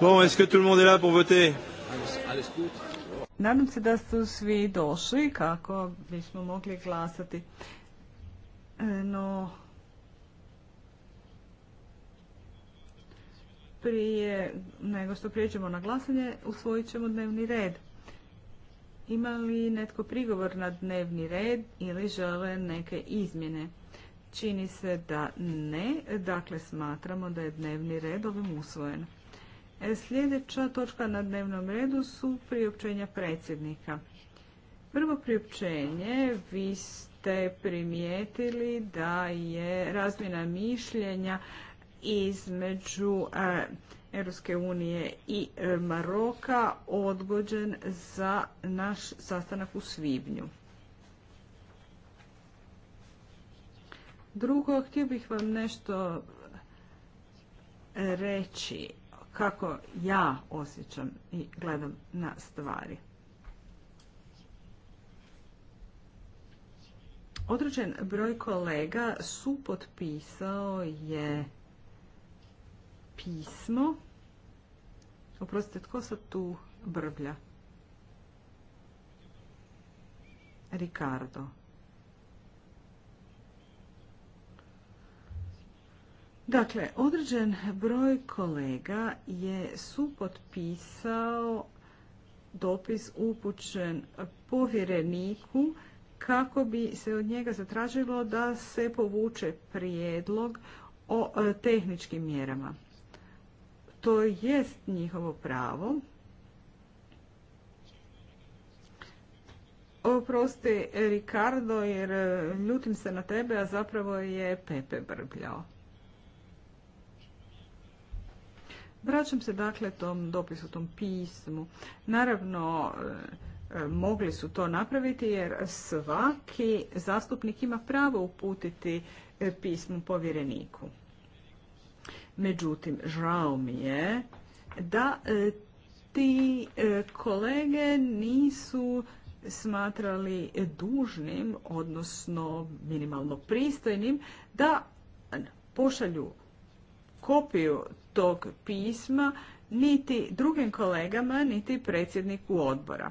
Bon, est-ce que tout Nadam se da su svi došli kako bismo mogli glasati. E, no, prije nego što prijeđemo na glasanje, usvojit ćemo dnevni red. Ima li netko prigovor na dnevni red ili žele neke izmjene? Čini se da ne, dakle smatramo da je dnevni red ovim usvojen. E, sljedeća točka na dnevnom redu su priopćenja predsjednika. Prvo priopćenje, vi ste primijetili da je razmjena mišljenja između e, Europske unije i e, Maroka odgođen za naš sastanak u svibnju. Drugo, htio bih vam nešto reći kako ja osjećam i gledam na stvari. Određen broj kolega su potpisao je pismo. Oprostite, tko sad tu brblja? Ricardo. Dakle, određen broj kolega je supotpisao dopis upućen povjereniku kako bi se od njega zatražilo da se povuče prijedlog o e, tehničkim mjerama. To jest njihovo pravo. Oprosti Ricardo jer e, ljutim se na tebe, a zapravo je Pepe brbljao. Vraćam se dakle tom dopisu, tom pismu. Naravno, e, e, mogli su to napraviti jer svaki zastupnik ima pravo uputiti e, pismu povjereniku. Međutim, žao mi je da ti kolege nisu smatrali dužnim, odnosno minimalno pristojnim, da pošalju kopiju tog pisma niti drugim kolegama, niti predsjedniku odbora.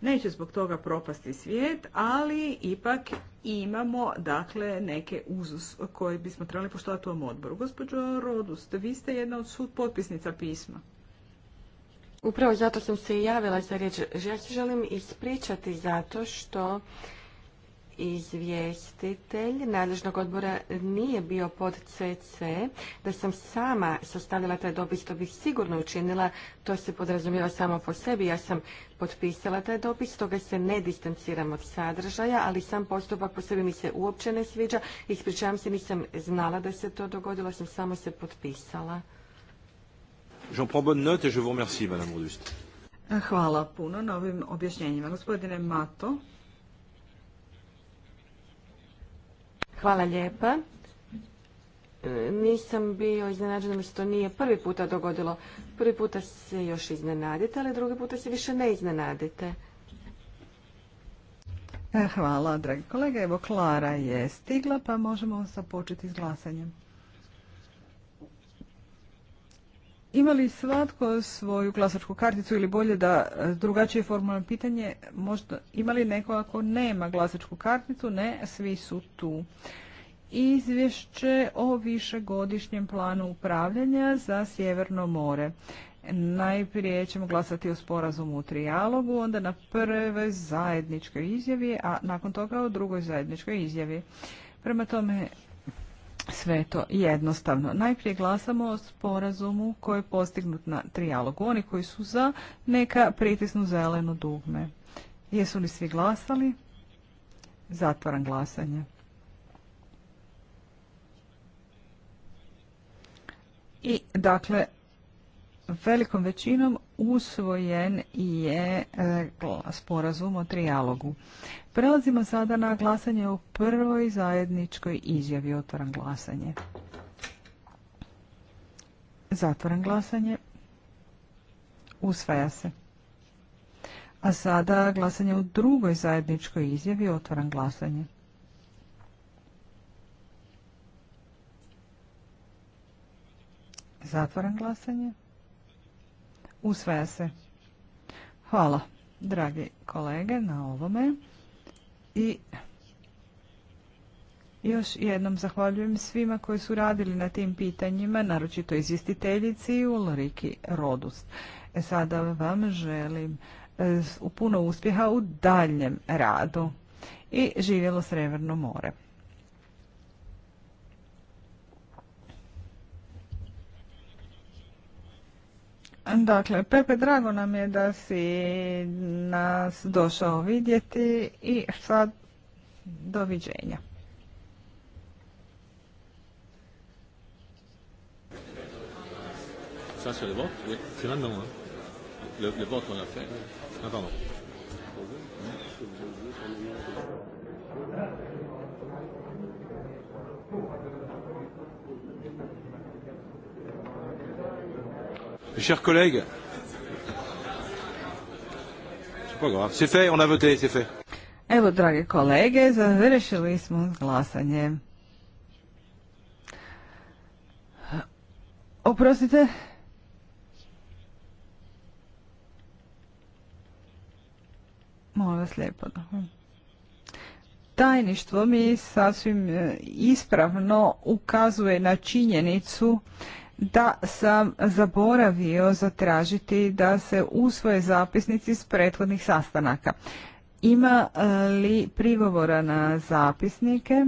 Neće zbog toga propasti svijet, ali ipak imamo dakle neke uzus koje bismo trebali poštovati u ovom odboru. Gospođo Rodust, vi ste jedna od sud potpisnica pisma. Upravo zato sam se i javila za riječ. Ja se želim ispričati zato što izvjestitelj nadležnog odbora nije bio pod CC. Da sam sama sastavila taj dopis, to bih sigurno učinila. To se podrazumijeva samo po sebi. Ja sam potpisala taj dopis, toga se ne distanciram od sadržaja, ali sam postupak po sebi mi se uopće ne sviđa. Ispričavam se, nisam znala da se to dogodilo, sam samo se potpisala. Hvala puno na ovim objašnjenjima. Gospodine Mato, Hvala lijepa. E, nisam bio iznenađena. mi se to nije prvi puta dogodilo. Prvi puta se još iznenadite, ali drugi puta se više ne iznenadite. E, hvala, dragi kolega. Evo, Klara je stigla, pa možemo započeti s glasanjem. Imali svatko svoju glasačku karticu ili bolje da e, drugačije formulam pitanje, možda imali neko ako nema glasačku karticu, ne, svi su tu. Izvješće o višegodišnjem planu upravljanja za Sjeverno more. Najprije ćemo glasati o sporazumu u trijalogu, onda na prve zajedničkoj izjavi, a nakon toga o drugoj zajedničkoj izjavi. Prema tome, sve to jednostavno. Najprije glasamo o sporazumu koji je postignut na trijalogu. Oni koji su za, neka pritisnu zeleno dugme. Jesu li svi glasali? Zatvaram glasanje. I dakle, velikom većinom usvojen je e, sporazum o trijalogu. Prelazimo sada na glasanje o prvoj zajedničkoj izjavi. Otvaram glasanje. Zatvoran glasanje. Usvaja se. A sada glasanje u drugoj zajedničkoj izjavi. Otvaram glasanje. Zatvaram glasanje. Usvaja se. Hvala, dragi kolege, na ovome. I još jednom zahvaljujem svima koji su radili na tim pitanjima, naročito izvjestiteljici Ulriki Rodust. E, sada vam želim e, puno uspjeha u daljem radu i živjelo Sreverno more. Dakle, Pepe, drago nam je da si nas došao vidjeti i sad doviđenja. Ça, c'est le vote Oui, c'est maintenant. Hein. Le, le vote, on a fait. Ah, pardon. Thank chers collègues, c'est fait, on a voté, c'est fait. Evo, drage kolege, završili smo glasanje. Oprostite. Molim vas lijepo. Tajništvo mi sasvim e, ispravno ukazuje na činjenicu da sam zaboravio zatražiti da se usvoje zapisnici s prethodnih sastanaka. Ima e, li prigovora na zapisnike?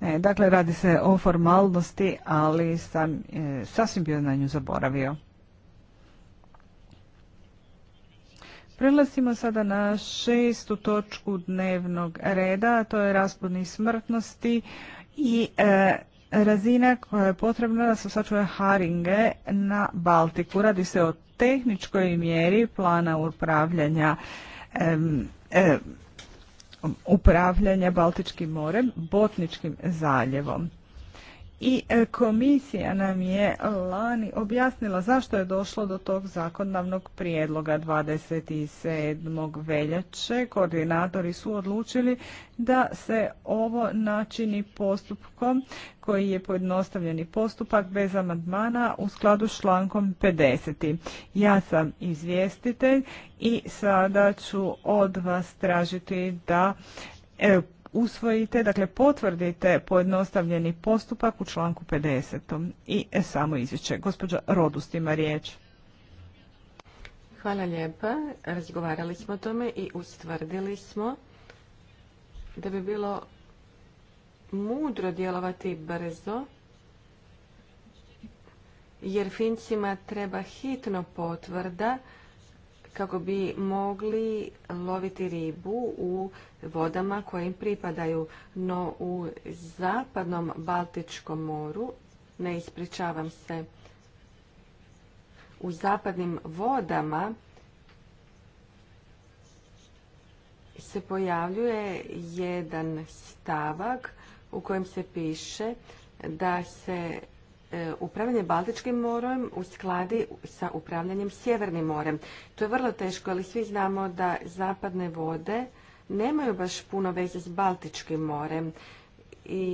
E, dakle, radi se o formalnosti, ali sam e, sasvim bio na nju zaboravio. Prelazimo sada na šestu točku dnevnog reda, a to je raspodni smrtnosti i Razina koja je potrebna da se sačuje Haringe na Baltiku. Radi se o tehničkoj mjeri plana upravljanja upravljanja Baltičkim morem, Botničkim zaljevom i e, komisija nam je lani objasnila zašto je došlo do tog zakonodavnog prijedloga 27. veljače. Koordinatori su odlučili da se ovo načini postupkom koji je pojednostavljeni postupak bez amandmana u skladu s člankom 50. Ja sam izvjestitelj i sada ću od vas tražiti da e, usvojite, dakle potvrdite pojednostavljeni postupak u članku 50. I samo izvješće. Gospođa Rodust ima riječ. Hvala lijepa. Razgovarali smo o tome i ustvrdili smo da bi bilo mudro djelovati brzo, jer Fincima treba hitno potvrda kako bi mogli loviti ribu u vodama koje im pripadaju. No u zapadnom Baltičkom moru, ne ispričavam se, u zapadnim vodama se pojavljuje jedan stavak u kojem se piše da se E, upravljanje Baltičkim morem uskladi sa upravljanjem Sjevernim morem. To je vrlo teško, ali svi znamo da zapadne vode nemaju baš puno veze s Baltičkim morem i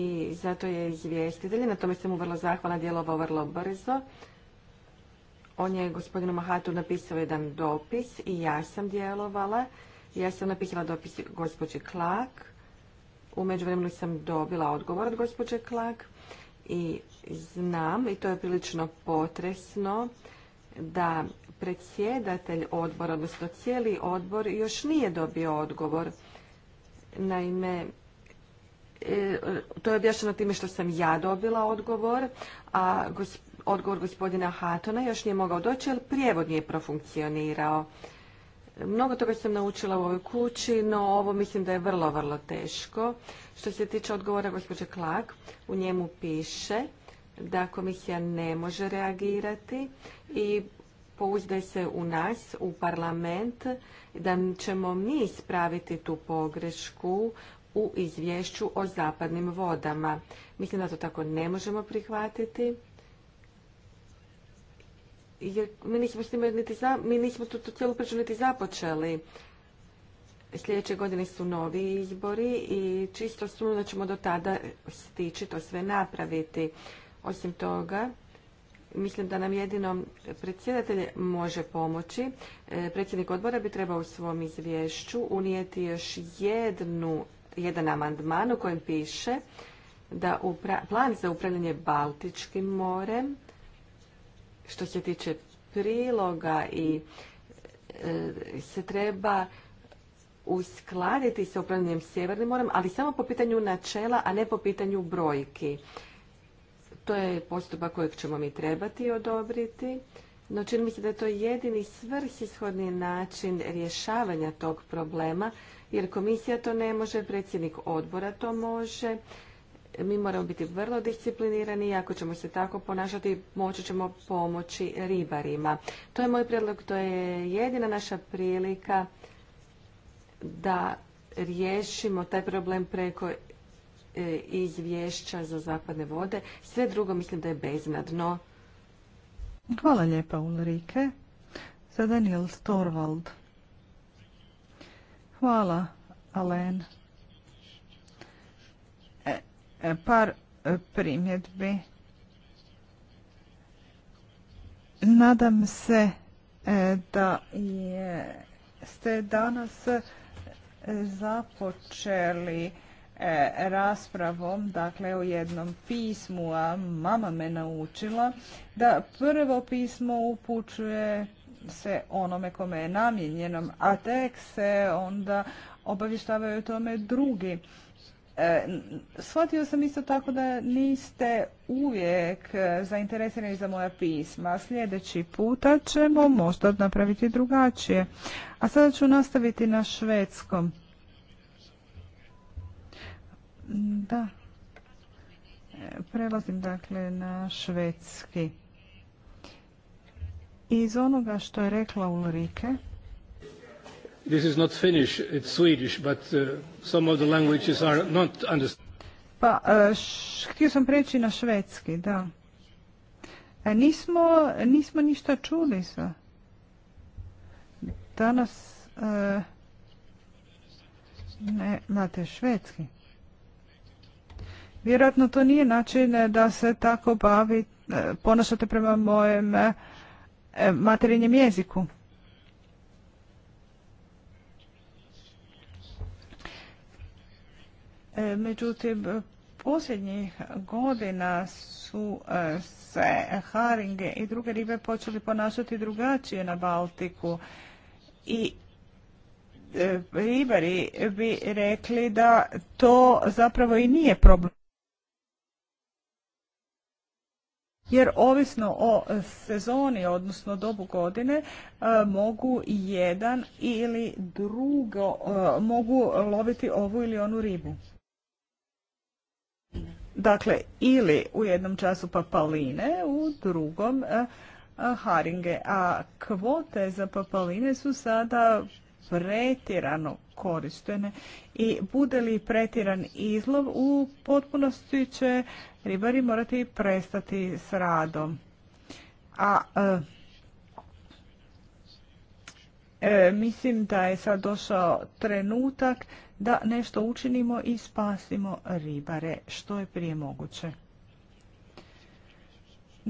zato je izvjestitelj, na tome sam mu vrlo zahvalna, djelovao vrlo brzo. On je gospodinu Mahatu napisao jedan dopis i ja sam djelovala. Ja sam napisala dopis gospođe Klak. U međuvremenu sam dobila odgovor od gospođe Klak i znam i to je prilično potresno da predsjedatelj odbora, odnosno cijeli odbor još nije dobio odgovor. Naime, e, to je objašnjeno time što sam ja dobila odgovor, a odgovor gospodina Hatona još nije mogao doći, jer prijevod nije profunkcionirao. Mnogo toga sam naučila u ovoj kući, no ovo mislim da je vrlo, vrlo teško. Što se tiče odgovora gospođe Klak, u njemu piše da komisija ne može reagirati i pouzdaj se u nas, u parlament, da ćemo mi ispraviti tu pogrešku u izvješću o zapadnim vodama. Mislim da to tako ne možemo prihvatiti. Jer mi nismo, mi tu, tu cijelu priču niti započeli. Sljedeće godine su novi izbori i čisto sumnjam da ćemo do tada stići to sve napraviti. Osim toga, mislim da nam jedino predsjedatelj može pomoći. E, predsjednik odbora bi trebao u svom izvješću unijeti još jednu, jedan amandman u kojem piše da plan za upravljanje Baltičkim morem, što se tiče priloga i e, se treba uskladiti sa upravljanjem Sjevernim morem, ali samo po pitanju načela, a ne po pitanju brojki. To je postupak kojeg ćemo mi trebati odobriti, no čini mi se da je to jedini svrsishodni način rješavanja tog problema, jer komisija to ne može, predsjednik odbora to može. Mi moramo biti vrlo disciplinirani i ako ćemo se tako ponašati, moći ćemo pomoći ribarima. To je moj predlog, to je jedina naša prilika da riješimo taj problem preko E, izvješća za zapadne vode. Sve drugo mislim da je beznadno. Hvala lijepa Ulrike. Za Daniel Storvald. Hvala, Alen. E, e, par primjedbi. Nadam se da ste danas započeli E, raspravom, dakle o jednom pismu, a mama me naučila da prvo pismo upućuje se onome kome je namjenjenom a tek se onda obavještavaju o tome drugi. E, shvatio sam isto tako da niste uvijek zainteresirani za moja pisma. Sljedeći puta ćemo možda napraviti drugačije. A sada ću nastaviti na švedskom. Da. E, prelazim dakle na švedski. Iz onoga što je rekla Ulrike, This is not Finnish, it's Swedish, but uh, some of the languages are not understood. Pa, uh, htio sam preći na švedski, da. E, nismo, nismo ništa čuli sa. Danas uh, ne, znate, švedski. Vjerojatno to nije način da se tako bavi, e, ponašate prema mojem e, materinjem jeziku. E, međutim, posljednjih godina su se haringe i druge ribe počeli ponašati drugačije na Baltiku i ribari bi rekli da to zapravo i nije problem. jer ovisno o sezoni, odnosno dobu godine, e, mogu jedan ili drugo, e, mogu loviti ovu ili onu ribu. Dakle, ili u jednom času papaline, u drugom e, haringe, a kvote za papaline su sada pretjerano koristene i bude li pretjeran izlov u potpunosti će ribari morati prestati s radom. A e, e, mislim da je sad došao trenutak da nešto učinimo i spasimo ribare što je prije moguće.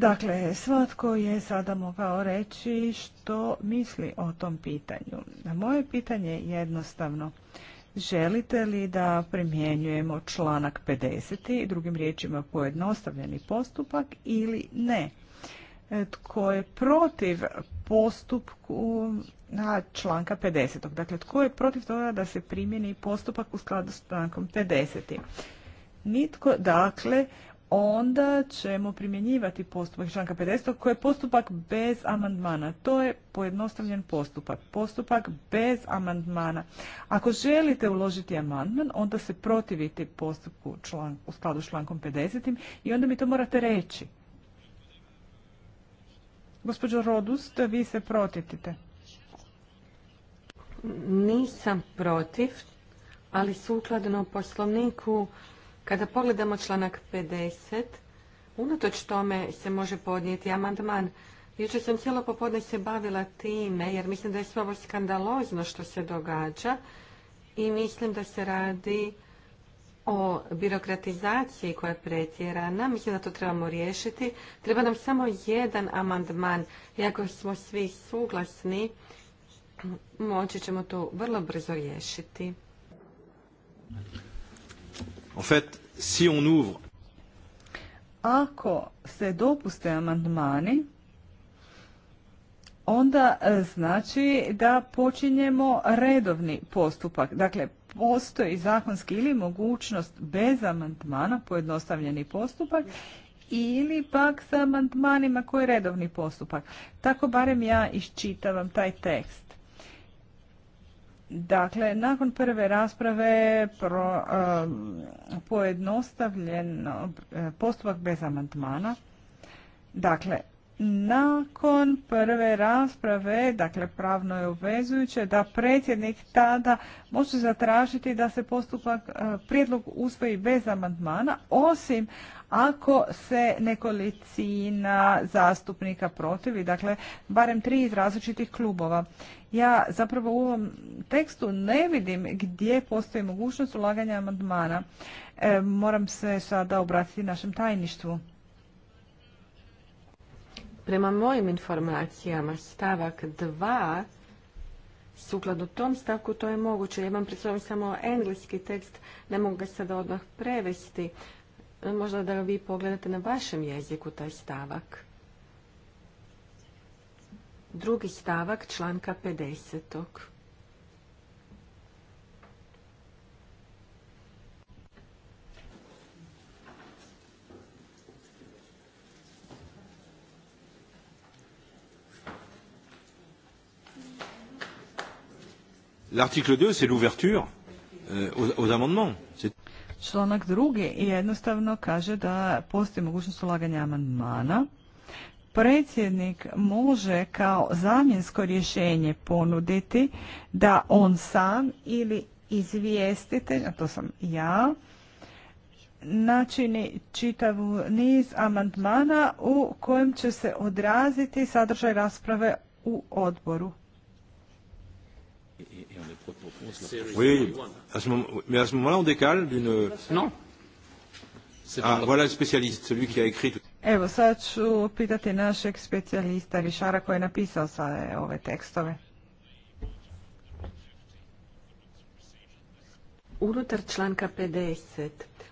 Dakle, svatko je sada mogao reći što misli o tom pitanju. Moje pitanje je jednostavno. Želite li da primjenjujemo članak 50. drugim riječima pojednostavljeni postupak ili ne? Tko je protiv postupku na članka 50. Dakle, tko je protiv toga da se primjeni postupak u skladu s člankom 50. Nitko, dakle, onda ćemo primjenjivati postupak članka 50. koji je postupak bez amandmana. To je pojednostavljen postupak. Postupak bez amandmana. Ako želite uložiti amandman, onda se protivite postupku u skladu s člankom 50. i onda mi to morate reći. Gospođo Rodust, vi se protivite. Nisam protiv, ali sukladno poslovniku kada pogledamo članak 50, unatoč tome se može podnijeti amandman. Jučer sam cijelo popodne se bavila time, jer mislim da je sve ovo skandalozno što se događa i mislim da se radi o birokratizaciji koja je pretjerana. Mislim da to trebamo riješiti. Treba nam samo jedan amandman. Iako smo svi suglasni, moći ćemo to vrlo brzo riješiti. En si on ouvre... Ako se dopuste amandmani, onda e, znači da počinjemo redovni postupak. Dakle, postoji zakonski ili mogućnost bez amandmana, pojednostavljeni postupak, ili pak sa amandmanima koji je redovni postupak. Tako barem ja iščitavam taj tekst. Dakle, nakon prve rasprave pro, um, pojednostavljen e, postupak bez amandmana. Dakle, nakon prve rasprave, dakle pravno je obvezujuće, da predsjednik tada može zatražiti da se postupak, e, prijedlog usvoji bez amandmana, osim ako se nekolicina zastupnika protivi, dakle barem tri iz različitih klubova. Ja zapravo u ovom tekstu ne vidim gdje postoji mogućnost ulaganja amandmana. E, moram se sada obratiti našem tajništvu. Prema mojim informacijama stavak 2 sukladno tom stavku to je moguće. Ja imam pred sobom samo engleski tekst, ne mogu ga sada odmah prevesti možda da vi pogledate na vašem jeziku taj stavak. Drugi stavak članka 50. L'article 2, c'est l'ouverture euh, aux, aux amendements. Članak drugi jednostavno kaže da postoji mogućnost ulaganja amandmana. Predsjednik može kao zamjensko rješenje ponuditi da on sam ili izvjestitelj a to sam ja, načini čitavu niz amandmana u kojem će se odraziti sadržaj rasprave u odboru et, et on les propose. Oui, à ce moment, mais à ce moment-là, on décale d'une. Non. Ah, voilà le spécialiste, celui qui a écrit. Evo, sad ću pitati našeg specijalista Rišara koji je napisao sa e, ove tekstove. Unutar članka 50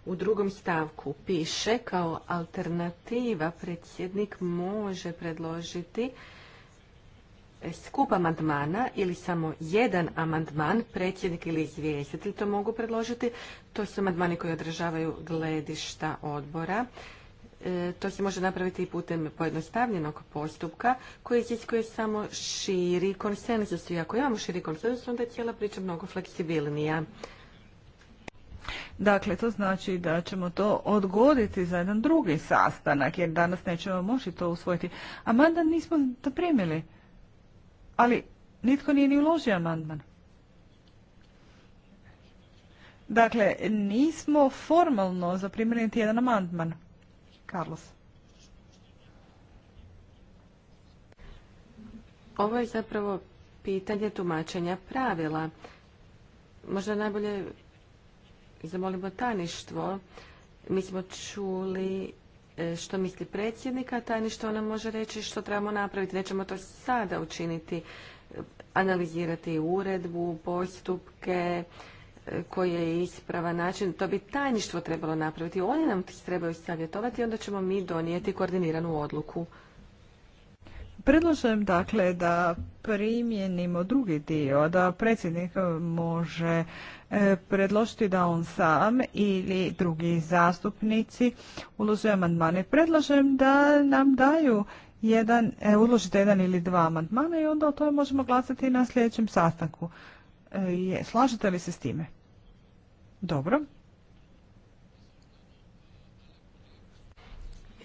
u drugom stavku piše kao alternativa predsjednik može predložiti E, skup amandmana ili samo jedan amandman, predsjednik ili izvjestitelj to mogu predložiti. To su amandmani koji održavaju gledišta odbora. E, to se može napraviti i putem pojednostavljenog postupka koji iziskuje samo širi konsenzus. I ako imamo širi konsenzus, onda je cijela priča mnogo fleksibilnija. Dakle, to znači da ćemo to odgoditi za jedan drugi sastanak, jer danas nećemo moći to usvojiti. A mandan nismo to primili ali nitko nije ni uložio amandman. Dakle, nismo formalno zaprimili niti jedan amandman. Carlos. Ovo je zapravo pitanje tumačenja pravila. Možda najbolje zamolimo taništvo. Mi smo čuli E, što misli predsjednika tajništvo ona može reći što trebamo napraviti. Nećemo to sada učiniti, e, analizirati uredbu, postupke, e, koji je ispravan način. To bi tajništvo trebalo napraviti. Oni nam trebaju savjetovati i onda ćemo mi donijeti koordiniranu odluku. Predlažem dakle da primjenimo drugi dio, da predsjednik može E, predložiti da on sam ili drugi zastupnici ulože amandmane. Predlažem da nam daju jedan, e, uložite jedan ili dva amandmana i onda o tome možemo glasati na sljedećem sastanku. E, slažete li se s time? Dobro.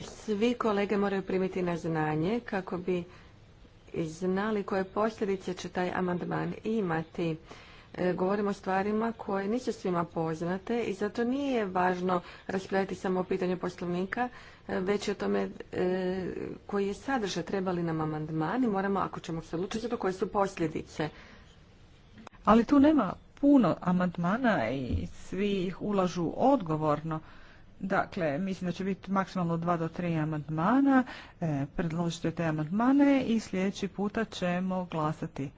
Svi kolege moraju primiti na znanje kako bi znali koje posljedice će taj amandman imati. E, govorimo o stvarima koje nisu svima poznate i zato nije važno raspravljati samo o pitanju poslovnika, e, već i o tome e, koji je sadržaj, trebali nam amandmani, moramo, ako ćemo se odlučiti, to koje su posljedice. Ali tu nema puno amandmana i svi ih ulažu odgovorno. Dakle, mislim da će biti maksimalno dva do tri amandmana. predložite te amandmane i sljedeći puta ćemo glasati.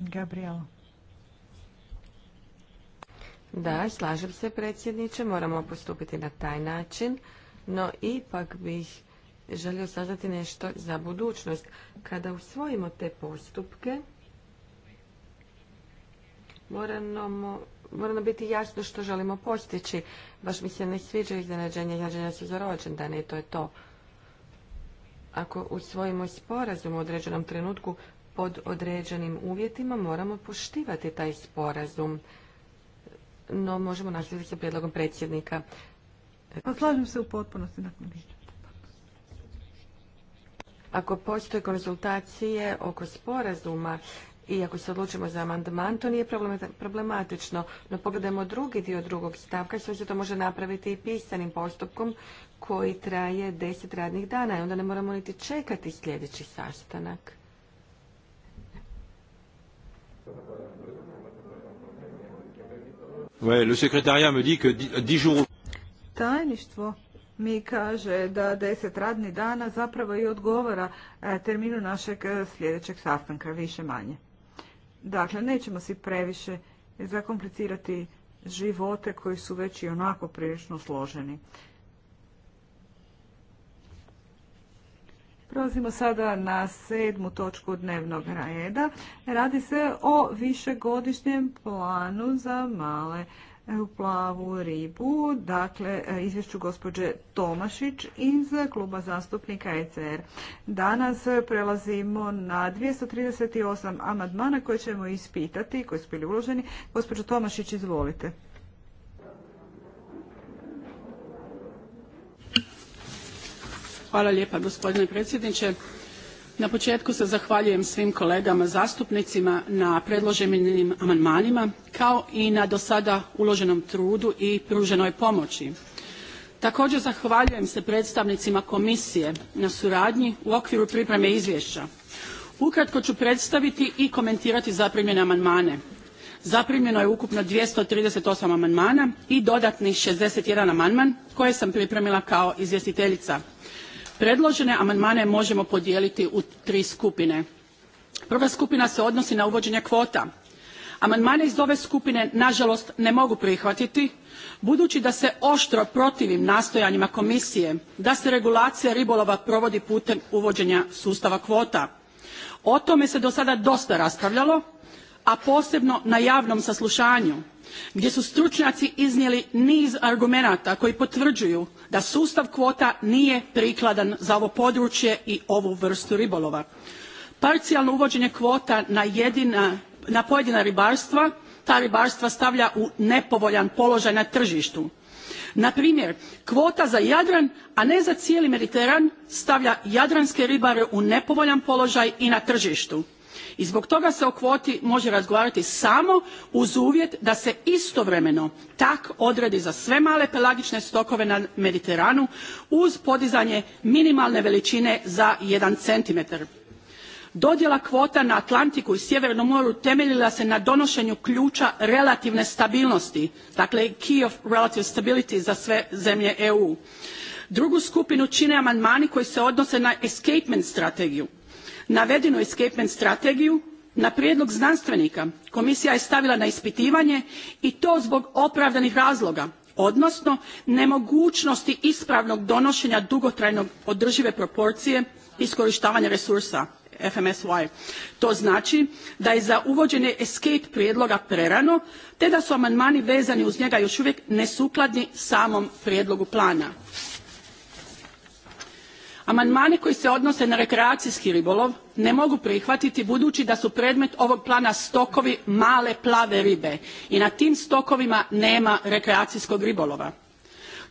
Gabriela. Da, slažem se predsjedniče, moramo postupiti na taj način, no ipak bih želio saznati nešto za budućnost. Kada usvojimo te postupke, moramo, biti jasno što želimo postići. Baš mi se ne sviđa iznenađenje, iznenađenja su za rođendane i to je to. Ako usvojimo sporazum u određenom trenutku pod određenim uvjetima, moramo poštivati taj sporazum no možemo nastaviti sa prijedlogom predsjednika. Pa slažem se u potpunosti. Ako postoje konzultacije oko sporazuma i ako se odlučimo za amandman, to nije problematično. No pogledajmo drugi dio drugog stavka, sve se to može napraviti i pisanim postupkom koji traje deset radnih dana i onda ne moramo niti čekati sljedeći sastanak. Euh, Tajništvo mi kaže da deset radnih dana zapravo i odgovara e, terminu našeg e, sljedećeg sastanka, više manje. Dakle, nećemo si previše zakomplicirati živote koji su već i onako prilično složeni. Prelazimo sada na sedmu točku dnevnog reda. Radi se o višegodišnjem planu za male eh, plavu ribu, dakle eh, izvješću gospođe Tomašić iz kluba zastupnika ECR. Danas eh, prelazimo na 238 amadmana koje ćemo ispitati, koji su bili uloženi. Gospođo Tomašić, izvolite. Hvala lijepa gospodine predsjedniče. Na početku se zahvaljujem svim kolegama zastupnicima na predloženim amandmanima kao i na do sada uloženom trudu i pruženoj pomoći. Također zahvaljujem se predstavnicima komisije na suradnji u okviru pripreme izvješća. Ukratko ću predstaviti i komentirati zaprimljene amandmane. Zaprimljeno je ukupno 238 amandmana i dodatni 61 amandman koje sam pripremila kao izvjestiteljica. Predložene amandmane možemo podijeliti u tri skupine. Prva skupina se odnosi na uvođenje kvota. Amandmane iz ove skupine nažalost ne mogu prihvatiti budući da se oštro protivim nastojanjima komisije da se regulacija ribolova provodi putem uvođenja sustava kvota. O tome se do sada dosta raspravljalo, a posebno na javnom saslušanju gdje su stručnjaci iznijeli niz argumenata koji potvrđuju da sustav kvota nije prikladan za ovo područje i ovu vrstu ribolova. Parcijalno uvođenje kvota na, na pojedina ribarstva ta ribarstva stavlja u nepovoljan položaj na tržištu. Na primjer, kvota za Jadran, a ne za cijeli Mediteran stavlja jadranske ribare u nepovoljan položaj i na tržištu i zbog toga se o kvoti može razgovarati samo uz uvjet da se istovremeno tak odredi za sve male pelagične stokove na mediteranu uz podizanje minimalne veličine za jedan centimetar dodjela kvota na atlantiku i sjevernom moru temeljila se na donošenju ključa relativne stabilnosti dakle key of relative stability za sve zemlje eu drugu skupinu čine amandmani koji se odnose na escapement strategiju navedenu escapement strategiju na prijedlog znanstvenika komisija je stavila na ispitivanje i to zbog opravdanih razloga odnosno nemogućnosti ispravnog donošenja dugotrajno održive proporcije iskorištavanja resursa fmsy. to znači da je za uvođenje escape prijedloga prerano te da su amandmani vezani uz njega još uvijek nesukladni samom prijedlogu plana. Amandmani koji se odnose na rekreacijski ribolov ne mogu prihvatiti budući da su predmet ovog plana stokovi male plave ribe i na tim stokovima nema rekreacijskog ribolova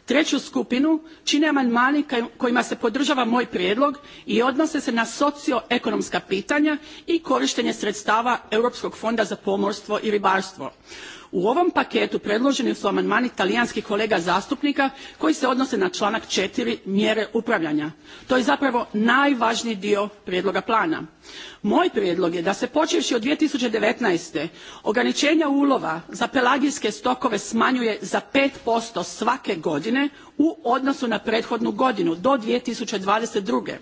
treću skupinu čine amandmani kojima se podržava moj prijedlog i odnose se na socioekonomska pitanja i korištenje sredstava europskog fonda za pomorstvo i ribarstvo u ovom paketu predloženi su amandmani talijanskih kolega zastupnika koji se odnose na članak četiri mjere upravljanja. To je zapravo najvažniji dio prijedloga plana. Moj prijedlog je da se počevši od 2019. ograničenja ulova za pelagijske stokove smanjuje za 5% svake godine u odnosu na prethodnu godinu do 2022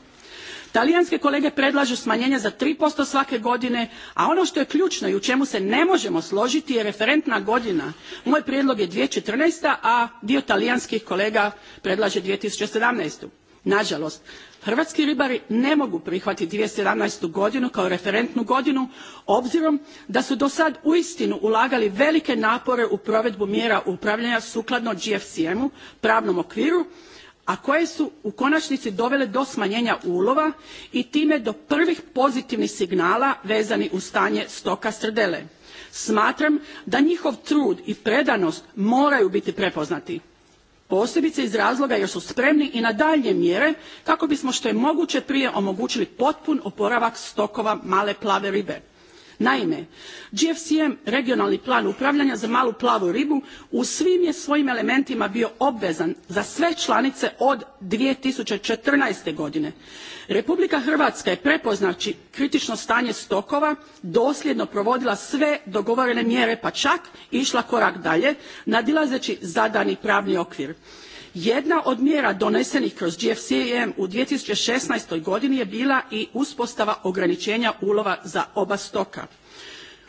talijanske kolege predlažu smanjenje za tri svake godine a ono što je ključno i u čemu se ne možemo složiti je referentna godina moj prijedlog je. two thousand and a dio talijanskih kolega predlaže. two thousand and seventeen nažalost hrvatski ribari ne mogu prihvatiti. two thousand and godinu kao referentnu godinu obzirom da su do sad uistinu ulagali velike napore u provedbu mjera upravljanja sukladno gfcm u pravnom okviru a koje su u konačnici dovele do smanjenja ulova i time do prvih pozitivnih signala vezanih uz stanje stoka srdele. Smatram da njihov trud i predanost moraju biti prepoznati, posebice iz razloga jer su spremni i na daljnje mjere kako bismo što je moguće prije omogućili potpun oporavak stokova male plave ribe naime gfcm regionalni plan upravljanja za malu plavu ribu u svim je svojim elementima bio obvezan za sve članice od. two thousand and fourteen godine republika hrvatska je prepoznaći kritično stanje stokova dosljedno provodila sve dogovorene mjere pa čak išla korak dalje nadilazeći zadani pravni okvir jedna od mjera donesenih kroz gfcm u. two thousand godini je bila i uspostava ograničenja ulova za oba stoka.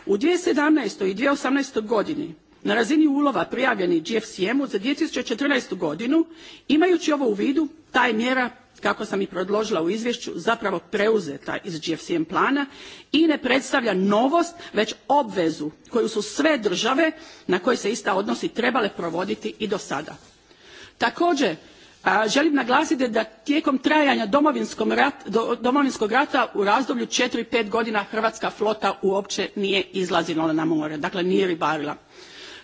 u. 2017. thousand i. two godini na razini ulova prijavljenih gfcm u za. two thousand and godinu imajući ovo u vidu ta je mjera kako sam i predložila u izvješću zapravo preuzeta iz gfcm plana i ne predstavlja novost već obvezu koju su sve države na koje se ista odnosi trebale provoditi i do sada također želim naglasiti da tijekom trajanja domovinskog rata u razdoblju četiri pet godina hrvatska flota uopće nije izlazila na more dakle nije ribarila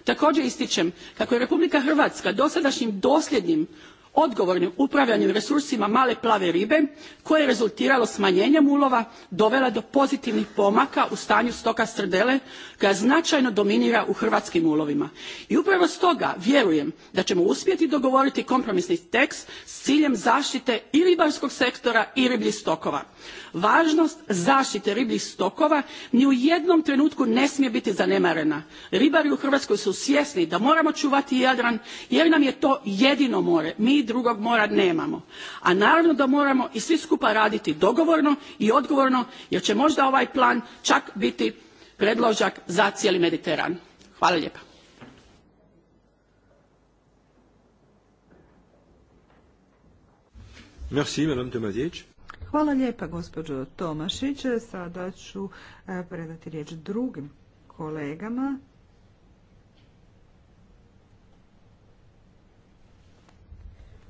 također ističem kako je republika hrvatska dosadašnjim dosljednim odgovornim upravljanjem resursima male plave ribe koje je rezultiralo smanjenjem ulova dovela do pozitivnih pomaka u stanju stoka srdele koja značajno dominira u hrvatskim ulovima i upravo stoga vjerujem da ćemo uspjeti dogovoriti kompromisni tekst s ciljem zaštite i ribarskog sektora i ribljih stokova važnost zaštite ribljih stokova ni u jednom trenutku ne smije biti zanemarena ribari u hrvatskoj su svjesni da moramo čuvati jadran jer nam je to jedino more drugog mora nemamo. A naravno da moramo i svi skupa raditi dogovorno i odgovorno jer će možda ovaj plan čak biti predložak za cijeli Mediteran. Hvala lijepa. Hvala lijepa, gospođo Tomašić. Sada ću eh, predati riječ drugim kolegama.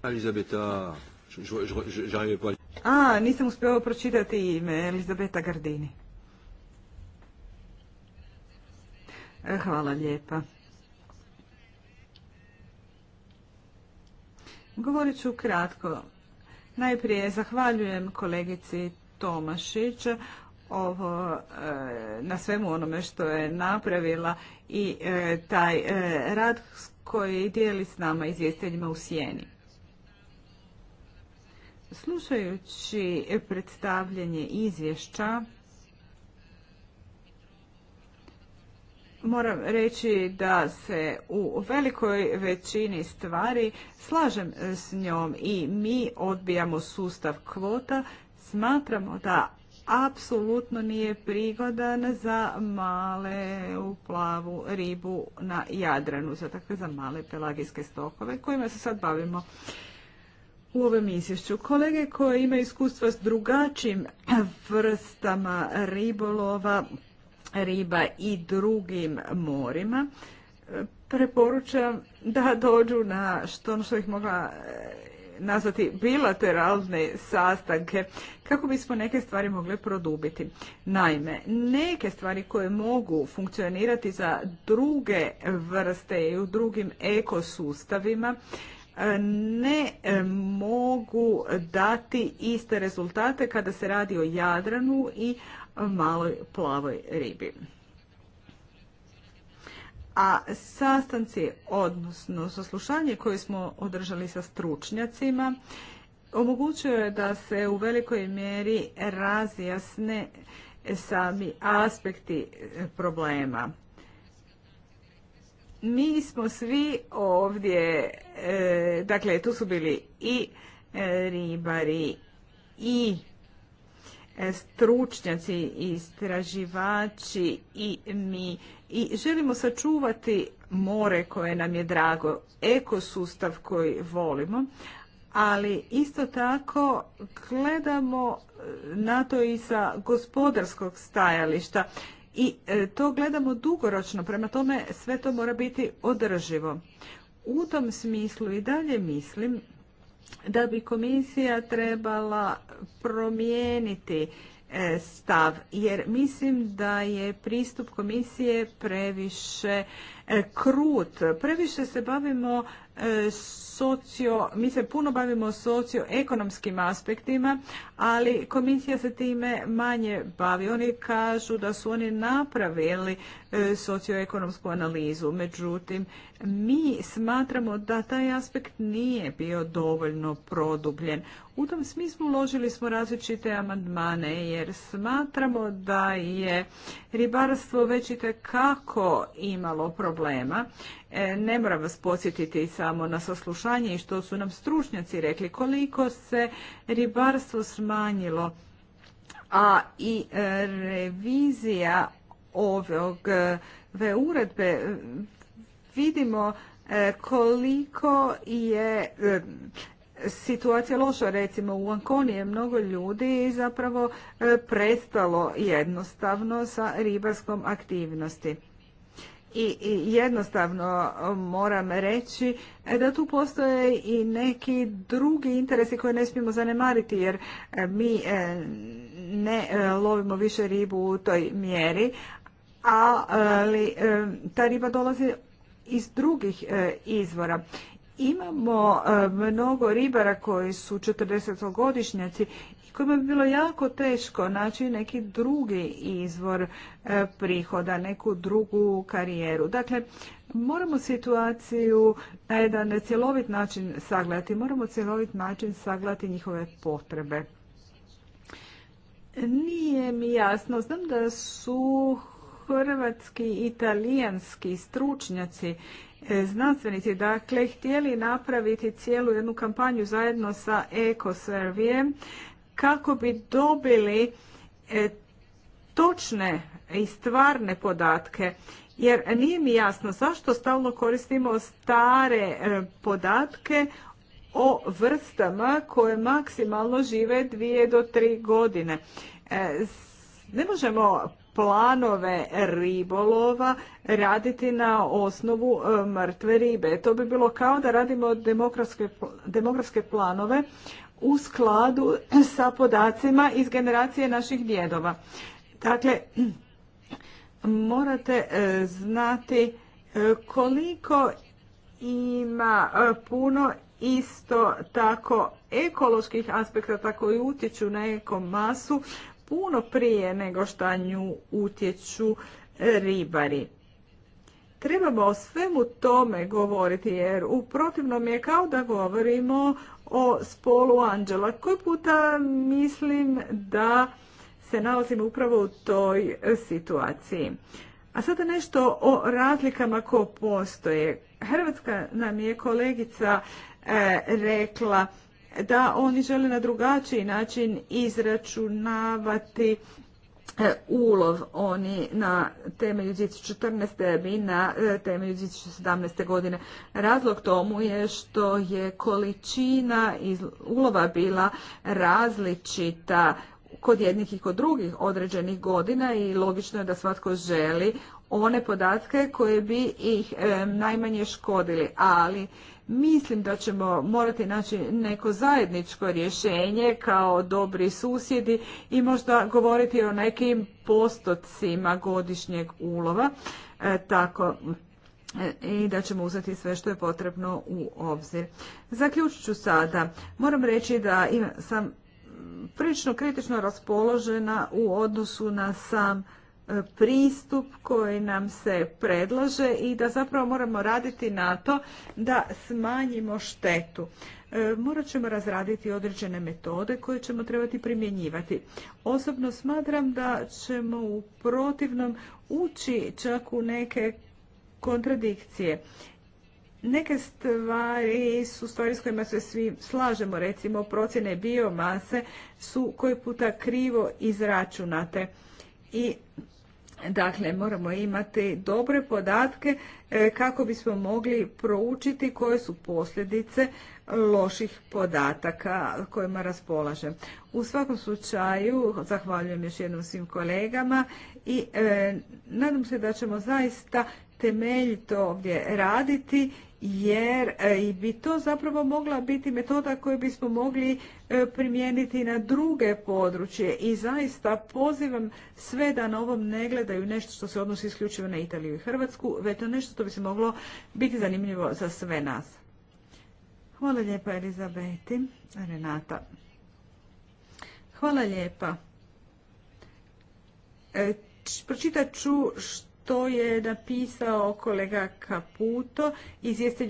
Elizabeta, A, nisam uspjela pročitati ime, Elizabeta Gardini. E, hvala lijepa. Govorit ću kratko. Najprije zahvaljujem kolegici Tomašić ovo, e, na svemu onome što je napravila i e, taj rad koji dijeli s nama izvjestiteljima u sjeni. Slušajući predstavljanje izvješća, moram reći da se u velikoj većini stvari slažem s njom i mi odbijamo sustav kvota. Smatramo da apsolutno nije prigodan za male u plavu ribu na Jadranu, za takve za male pelagijske stokove kojima se sad bavimo u ovom izvješću. Kolege koje imaju iskustva s drugačim vrstama ribolova, riba i drugim morima, preporučam da dođu na što, ono što ih mogla e, nazvati bilateralne sastanke kako bismo neke stvari mogli produbiti. Naime, neke stvari koje mogu funkcionirati za druge vrste i u drugim ekosustavima ne e, mogu dati iste rezultate kada se radi o Jadranu i maloj plavoj ribi. A sastanci, odnosno saslušanje koje smo održali sa stručnjacima, omogućuje da se u velikoj mjeri razjasne sami aspekti problema. Mi smo svi ovdje, e, dakle tu su bili i e, ribari i e, stručnjaci, i istraživači i mi. I želimo sačuvati more koje nam je drago, ekosustav koji volimo, ali isto tako gledamo na to i sa gospodarskog stajališta i e, to gledamo dugoročno, prema tome sve to mora biti održivo. U tom smislu i dalje mislim da bi komisija trebala promijeniti e, stav jer mislim da je pristup komisije previše E, krut. Previše se bavimo e, socio, mi se puno bavimo socioekonomskim aspektima, ali komisija se time manje bavi. Oni kažu da su oni napravili e, socioekonomsku analizu, međutim, mi smatramo da taj aspekt nije bio dovoljno produbljen. U tom smislu uložili smo različite amandmane jer smatramo da je ribarstvo već i kako imalo problem problema. E, ne moram vas podsjetiti samo na saslušanje i što su nam stručnjaci rekli koliko se ribarstvo smanjilo, a i e, revizija ovog e, ve uredbe vidimo koliko je situacija loša. Recimo u Ankoni je mnogo ljudi zapravo prestalo jednostavno sa ribarskom aktivnosti i jednostavno um, moram reći e, da tu postoje i neki drugi interesi koje ne smijemo zanemariti jer e, mi e, ne lovimo više ribu u toj mjeri, ali ta riba dolazi iz drugih izvora. Imamo mnogo ribara koji su 40-godišnjaci kojima bi bilo jako teško naći neki drugi izvor e, prihoda, neku drugu karijeru. Dakle, moramo situaciju na jedan cjelovit način sagledati, moramo cjelovit način sagledati njihove potrebe. Nije mi jasno, znam da su hrvatski i italijanski stručnjaci e, znanstvenici dakle htjeli napraviti cijelu jednu kampanju zajedno sa Ecoservijem kako bi dobili e, točne i stvarne podatke. Jer nije mi jasno zašto stalno koristimo stare e, podatke o vrstama koje maksimalno žive dvije do tri godine. E, ne možemo planove ribolova raditi na osnovu mrtve ribe. To bi bilo kao da radimo demografske planove u skladu sa podacima iz generacije naših djedova. Dakle, morate e, znati e, koliko ima e, puno isto tako ekoloških aspekata koji utječu na ekomasu puno prije nego što nju utječu ribari. Trebamo o svemu tome govoriti jer u protivnom je kao da govorimo o spolu anđela. Koji puta mislim da se nalazimo upravo u toj situaciji. A sada nešto o razlikama ko postoje. Hrvatska nam je kolegica e, rekla da oni žele na drugačiji način izračunavati E, ulov oni na temelju 2014. i na e, temelju 2017. godine. Razlog tomu je što je količina ulova bila različita kod jednih i kod drugih određenih godina i logično je da svatko želi one podatke koje bi ih najmanje škodili, ali Mislim da ćemo morati naći neko zajedničko rješenje kao dobri susjedi i možda govoriti o nekim postocima godišnjeg ulova, e, tako e, i da ćemo uzeti sve što je potrebno u obzir. Zaključit ću sada. Moram reći da sam prilično kritično raspoložena u odnosu na sam pristup koji nam se predlaže i da zapravo moramo raditi na to da smanjimo štetu. E, morat ćemo razraditi određene metode koje ćemo trebati primjenjivati. Osobno smatram da ćemo u protivnom ući čak u neke kontradikcije. Neke stvari su stvari s kojima se svi slažemo, recimo procjene biomase su koji puta krivo izračunate i Dakle, moramo imati dobre podatke e, kako bismo mogli proučiti koje su posljedice loših podataka kojima raspolažem. U svakom slučaju, zahvaljujem još jednom svim kolegama i e, nadam se da ćemo zaista temeljito ovdje raditi jer e, bi to zapravo mogla biti metoda koju bismo mogli e, primijeniti na druge područje i zaista pozivam sve da na ovom ne gledaju nešto što se odnosi isključivo na Italiju i Hrvatsku, već na nešto što bi se moglo biti zanimljivo za sve nas. Hvala lijepa Elizabeti, Renata. Hvala lijepa. E, pročitat ću što to je napisao kolega Kaputo,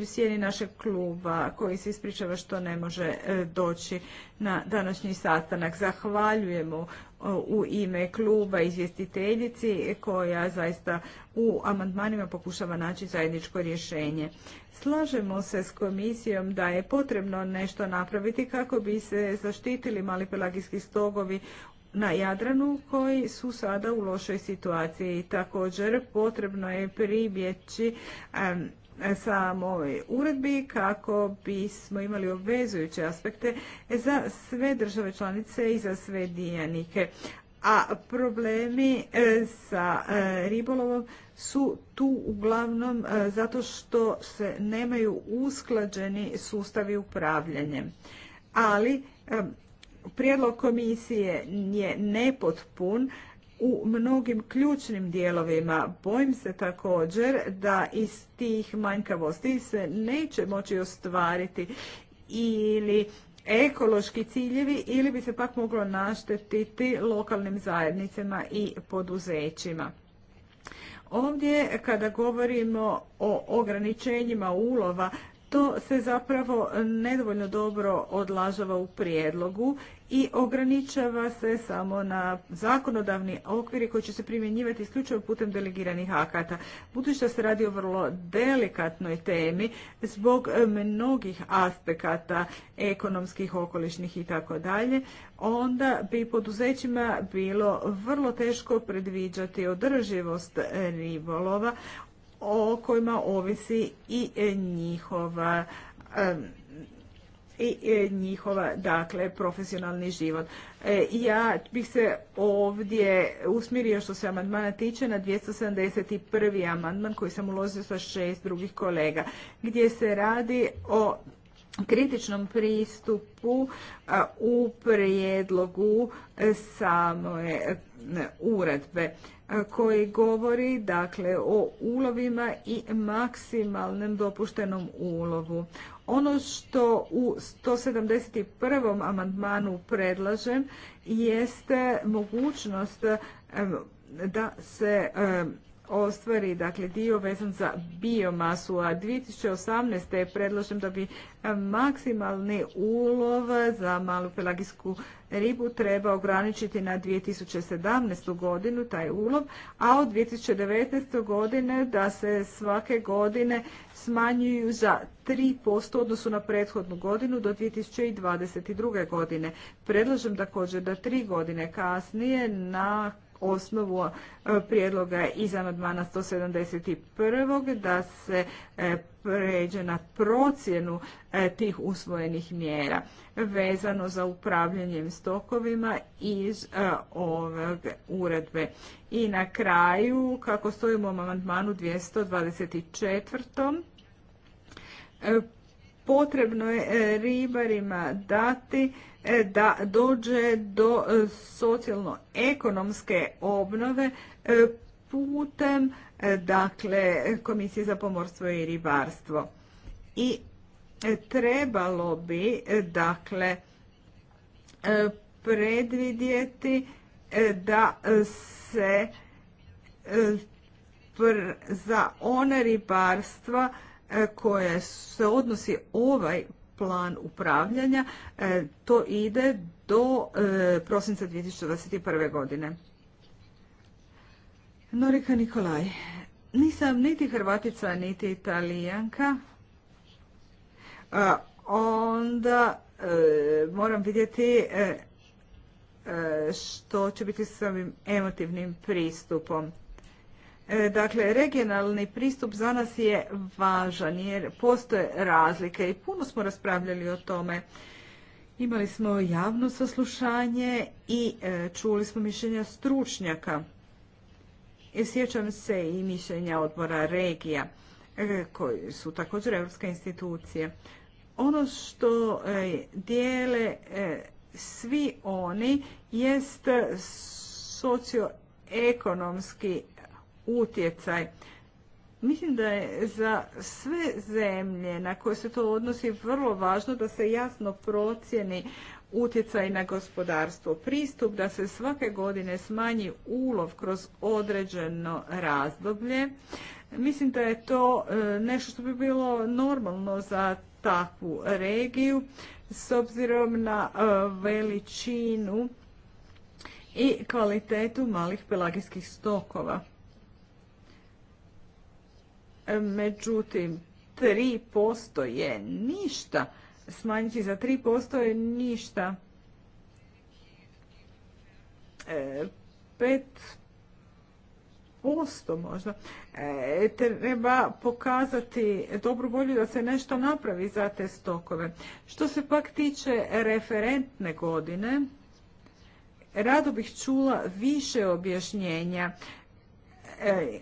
u sjeni našeg kluba, koji se ispričava što ne može e, doći na današnji sastanak. Zahvaljujemo e, u ime kluba izvjestiteljici koja zaista u amandmanima pokušava naći zajedničko rješenje. Slažemo se s komisijom da je potrebno nešto napraviti kako bi se zaštitili mali pelagijski stogovi na Jadranu koji su sada u lošoj situaciji. Također potrebno je pribjeći samo uredbi kako bismo imali obvezujuće aspekte za sve države članice i za sve dijanike. A problemi e, sa e, ribolovom su tu uglavnom e, zato što se nemaju usklađeni sustavi upravljanja. Ali prijedlog komisije je nepotpun u mnogim ključnim dijelovima. Bojim se također da iz tih manjkavosti se neće moći ostvariti ili ekološki ciljevi ili bi se pak moglo naštetiti lokalnim zajednicama i poduzećima. Ovdje kada govorimo o ograničenjima ulova to se zapravo nedovoljno dobro odlažava u prijedlogu i ograničava se samo na zakonodavni okviri koji će se primjenjivati isključivo putem delegiranih akata. Budući da se radi o vrlo delikatnoj temi zbog mnogih aspekata ekonomskih, okolišnih i tako dalje, onda bi poduzećima bilo vrlo teško predviđati održivost ribolova o kojima ovisi i e, njihova i e, njihova dakle profesionalni život. E, ja bih se ovdje usmirio što se amandmana tiče na 271. amandman koji sam uložio sa šest drugih kolega gdje se radi o kritičnom pristupu u prijedlogu same uredbe koji govori dakle o ulovima i maksimalnom dopuštenom ulovu. Ono što u 171. amandmanu predlažem jeste mogućnost da se ostvari dakle, dio vezan za biomasu, a 2018. je da bi maksimalni ulov za malu pelagijsku ribu treba ograničiti na 2017. godinu, taj ulov, a od 2019. godine da se svake godine smanjuju za 3% odnosu na prethodnu godinu do 2022. godine. Predlažem također da tri godine kasnije na osnovu e, prijedloga iz amandmana 171. da se e, pređe na procjenu e, tih usvojenih mjera vezano za upravljanje stokovima iz ove uredbe. I na kraju, kako stojimo u amandmanu 224. Potrebno je ribarima dati E, da dođe do e, socijalno-ekonomske obnove e, putem dakle, Komisije za pomorstvo i ribarstvo. I trebalo bi dakle predvidjeti da se za one ribarstva koje se odnosi ovaj plan upravljanja. E, to ide do e, prosinca 2021. godine. Norika Nikolaj, nisam niti Hrvatica, niti Italijanka. Onda e, moram vidjeti što će biti s ovim emotivnim pristupom. E, dakle, regionalni pristup za nas je važan jer postoje razlike i puno smo raspravljali o tome. Imali smo javno saslušanje i e, čuli smo mišljenja stručnjaka. E, sjećam se i mišljenja odbora regija koji su također europske institucije. Ono što dijele svi oni jest socioekonomski utjecaj. Mislim da je za sve zemlje na koje se to odnosi vrlo važno da se jasno procjeni utjecaj na gospodarstvo. Pristup da se svake godine smanji ulov kroz određeno razdoblje. Mislim da je to e, nešto što bi bilo normalno za takvu regiju s obzirom na e, veličinu i kvalitetu malih pelagijskih stokova međutim 3% je ništa, smanjiti za 3% je ništa. 5% e, možda. E, treba pokazati dobru volju da se nešto napravi za te stokove. Što se pak tiče referentne godine, rado bih čula više objašnjenja. E,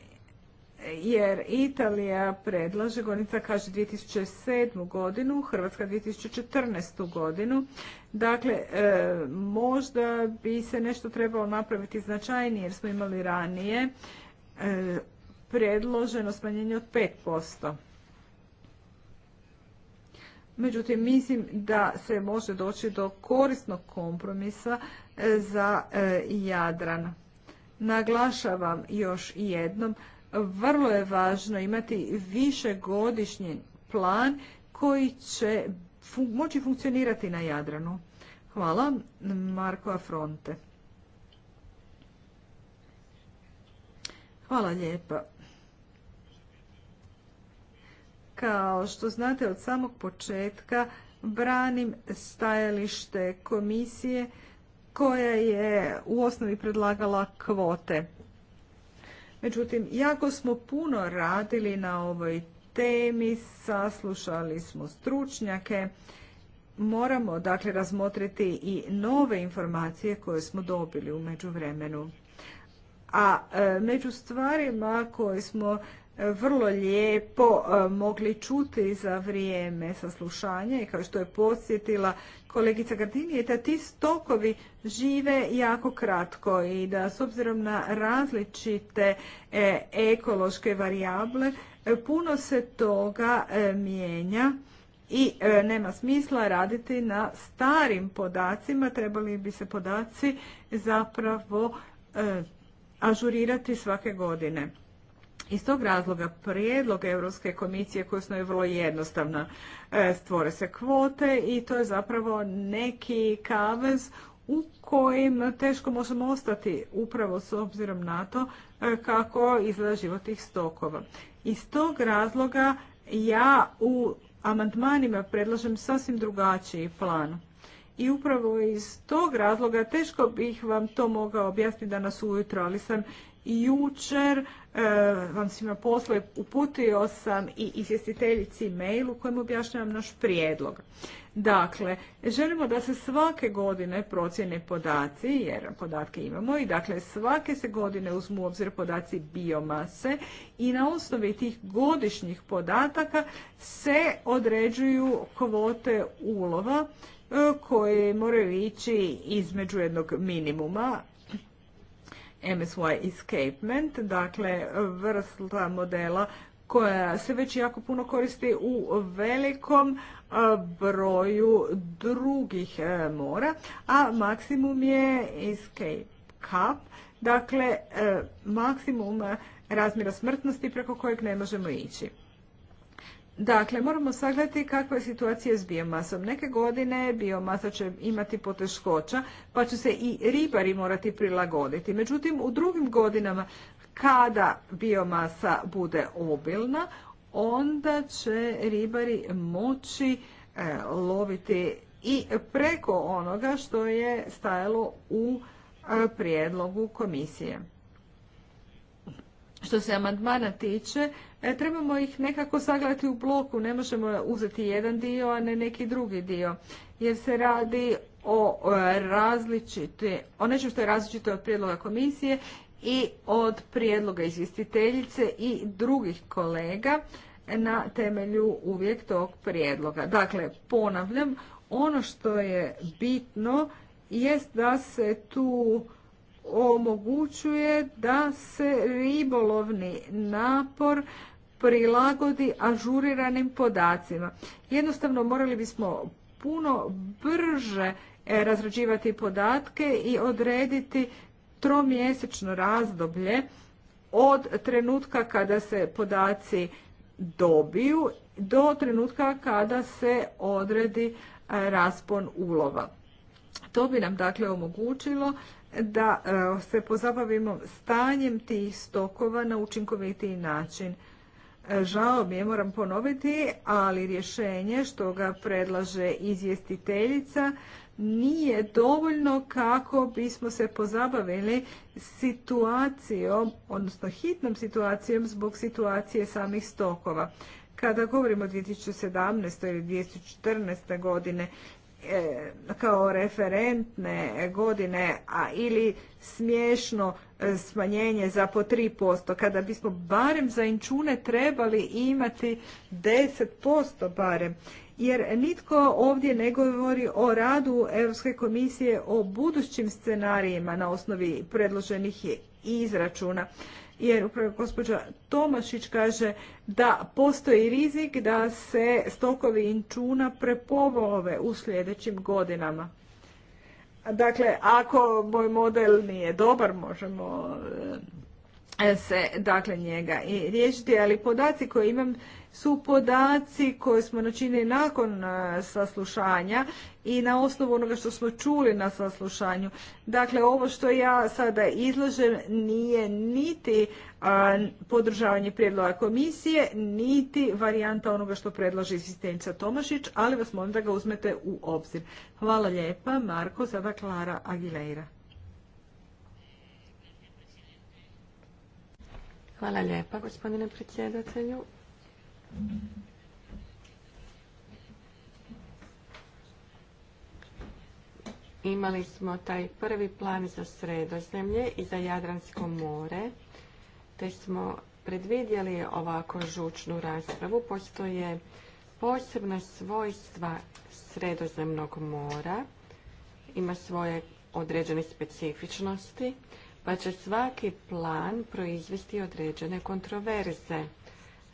jer Italija predlaže, gonica kaže 2007. godinu, Hrvatska 2014. godinu. Dakle, e, možda bi se nešto trebalo napraviti značajnije jer smo imali ranije e, predloženo smanjenje od 5%. Međutim, mislim da se može doći do korisnog kompromisa e, za Jadran. Naglašavam još jednom vrlo je važno imati višegodišnji plan koji će moći funkcionirati na Jadranu. Hvala, Marko Afronte. Hvala lijepa. Kao što znate od samog početka branim stajalište komisije koja je u osnovi predlagala kvote. Međutim, jako smo puno radili na ovoj temi, saslušali smo stručnjake, moramo dakle razmotriti i nove informacije koje smo dobili u međuvremenu. A e, među stvarima koje smo vrlo lijepo e, mogli čuti za vrijeme saslušanja i kao što je podsjetila kolegica Gardini je da ti stokovi žive jako kratko i da s obzirom na različite e, ekološke varijable e, puno se toga mijenja i nema smisla raditi na starim podacima, trebali bi se podaci zapravo ažurirati svake godine. Iz tog razloga prijedlog Europske komisije koji je vrlo jednostavna. E, stvore se kvote i to je zapravo neki kavez u kojim teško možemo ostati upravo s obzirom na to e, kako izgleda život tih stokova. Iz tog razloga ja u amandmanima predlažem sasvim drugačiji plan. I upravo iz tog razloga teško bih vam to mogao objasniti danas ujutro, ali sam Jučer e, vam svima poslu uputio sam i izvjestiteljici mail u kojem objašnjavam naš prijedlog. Dakle, želimo da se svake godine procjene podaci, jer podatke imamo, i dakle svake se godine uzmu u obzir podaci biomase i na osnovi tih godišnjih podataka se određuju kvote ulova e, koje moraju ići između jednog minimuma MSY escapement, dakle vrsta modela koja se već jako puno koristi u velikom broju drugih e, mora, a maksimum je escape cup, dakle e, maksimum razmjera smrtnosti preko kojeg ne možemo ići. Dakle, moramo sagledati kakva je situacija s biomasom. Neke godine biomasa će imati poteškoća, pa će se i ribari morati prilagoditi. Međutim, u drugim godinama kada biomasa bude obilna, onda će ribari moći e, loviti i preko onoga što je stajalo u e, prijedlogu komisije. Što se amandmana tiče, E, trebamo ih nekako sagledati u bloku, ne možemo uzeti jedan dio, a ne neki drugi dio, jer se radi o e, različite, o nečem što je različito od prijedloga komisije i od prijedloga izvjestiteljice i drugih kolega na temelju uvijek tog prijedloga. Dakle, ponavljam, ono što je bitno jest da se tu omogućuje da se ribolovni napor prilagodi ažuriranim podacima. Jednostavno morali bismo puno brže e, razrađivati podatke i odrediti tromjesečno razdoblje od trenutka kada se podaci dobiju do trenutka kada se odredi e, raspon ulova. To bi nam dakle omogućilo da e, se pozabavimo stanjem tih stokova na učinkovitiji način. E, žao mi je, moram ponoviti, ali rješenje što ga predlaže izvjestiteljica nije dovoljno kako bismo se pozabavili situacijom, odnosno hitnom situacijom zbog situacije samih stokova. Kada govorimo o 2017. ili 2014. godine, E, kao referentne godine a ili smiješno e, smanjenje za po 3%. Kada bismo barem za inčune trebali imati 10% barem. Jer nitko ovdje ne govori o radu Europske komisije o budućim scenarijima na osnovi predloženih izračuna jer upravo gospođa Tomašić kaže da postoji rizik da se stokovi inčuna prepovove u sljedećim godinama. Dakle, ako moj model nije dobar, možemo e, se dakle njega i riješiti, ali podaci koje imam su podaci koje smo načinili nakon e, saslušanja i na osnovu onoga što smo čuli na saslušanju. Dakle, ovo što ja sada izlažem nije niti e, podržavanje prijedloga komisije, niti varijanta onoga što predlaže asistencija Tomašić, ali vas molim da ga uzmete u obzir. Hvala lijepa, Marko, sada Klara Aguilera. Hvala lijepa, gospodine predsjedatelju. Imali smo taj prvi plan za sredozemlje i za Jadransko more, te smo predvidjeli ovako žučnu raspravu. Postoje posebna svojstva sredozemnog mora, ima svoje određene specifičnosti, pa će svaki plan proizvesti određene kontroverze.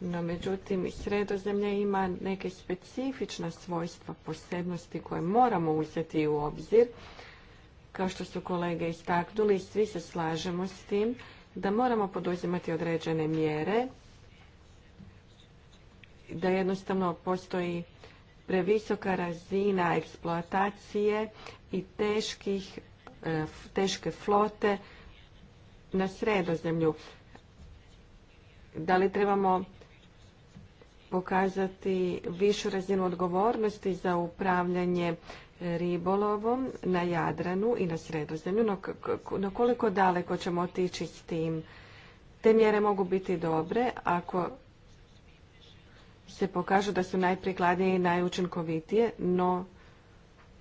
No, međutim, sredozemlje ima neke specifična svojstva posebnosti koje moramo uzeti u obzir. Kao što su kolege istaknuli, svi se slažemo s tim da moramo poduzimati određene mjere, da jednostavno postoji previsoka razina eksploatacije i teških, e, teške flote na sredozemlju. Da li trebamo pokazati višu razinu odgovornosti za upravljanje e, ribolovom na Jadranu i na Sredozemlju, Na koliko daleko ćemo otići s tim? Te mjere mogu biti dobre ako se pokažu da su najprikladnije i najučinkovitije, no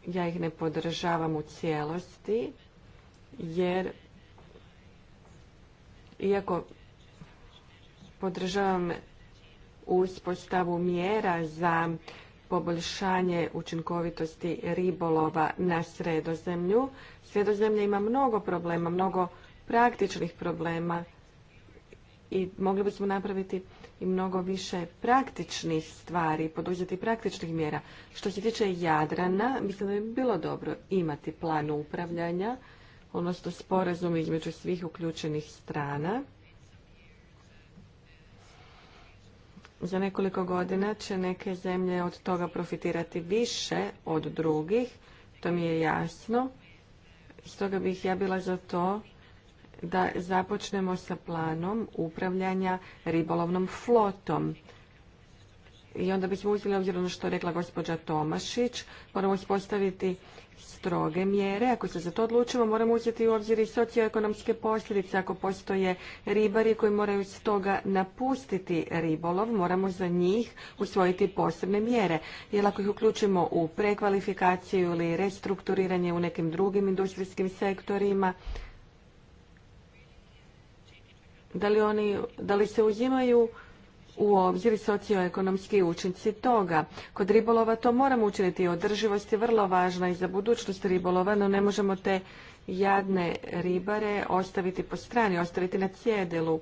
ja ih ne podržavam u cijelosti, jer iako podržavam uspostavu mjera za poboljšanje učinkovitosti ribolova na sredozemlju. Sredozemlje ima mnogo problema, mnogo praktičnih problema i mogli bismo napraviti i mnogo više praktičnih stvari, poduzeti praktičnih mjera. Što se tiče Jadrana, mislim da bi bilo dobro imati plan upravljanja, odnosno sporazum između svih uključenih strana. Za nekoliko godina će neke zemlje od toga profitirati više od drugih, to mi je jasno. Stoga bih ja bila za to da započnemo sa planom upravljanja ribolovnom flotom. I onda bismo uzeli obzirom ono na što je rekla gospođa Tomašić, moramo uspostaviti stroge mjere. Ako se za to odlučimo, moramo uzeti u obzir i socioekonomske posljedice. Ako postoje ribari koji moraju toga napustiti ribolov, moramo za njih usvojiti posebne mjere. Jer ako ih uključimo u prekvalifikaciju ili restrukturiranje u nekim drugim industrijskim sektorima, da li, oni, da li se uzimaju u obzir socioekonomski učinci toga. Kod ribolova to moramo učiniti. Održivost je vrlo važna i za budućnost ribolova, no ne možemo te jadne ribare ostaviti po strani, ostaviti na cjedilu.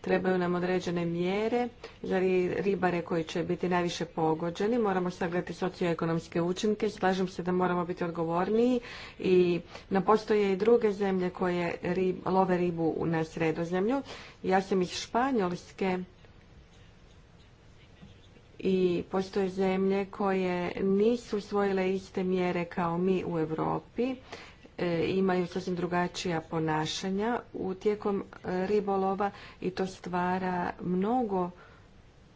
Trebaju nam određene mjere za ribare koji će biti najviše pogođeni. Moramo sagledati socioekonomske učinke. Slažem se da moramo biti odgovorniji i na postoje i druge zemlje koje love ribu na sredozemlju. Ja sam iz Španjolske i postoje zemlje koje nisu usvojile iste mjere kao mi u Europi, e, imaju sasvim drugačija ponašanja u tijekom e, ribolova i to stvara mnogo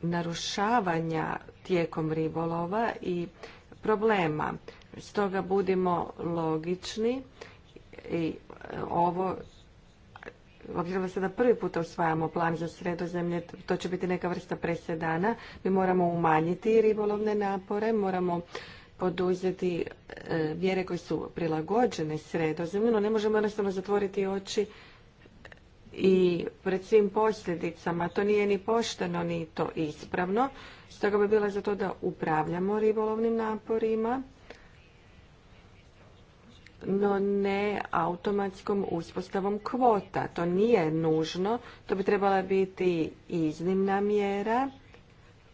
narušavanja tijekom ribolova i problema. Stoga budimo logični i e, ovo obzirom da sada prvi puta osvajamo plan za sredozemlje, to će biti neka vrsta presedana. Mi moramo umanjiti ribolovne napore, moramo poduzeti e, mjere koje su prilagođene sredozemlju, no ne možemo jednostavno zatvoriti oči i pred svim posljedicama. To nije ni pošteno, ni to ispravno. Stoga bi bila za to da upravljamo ribolovnim naporima no ne automatskom uspostavom kvota. To nije nužno, to bi trebala biti iznimna mjera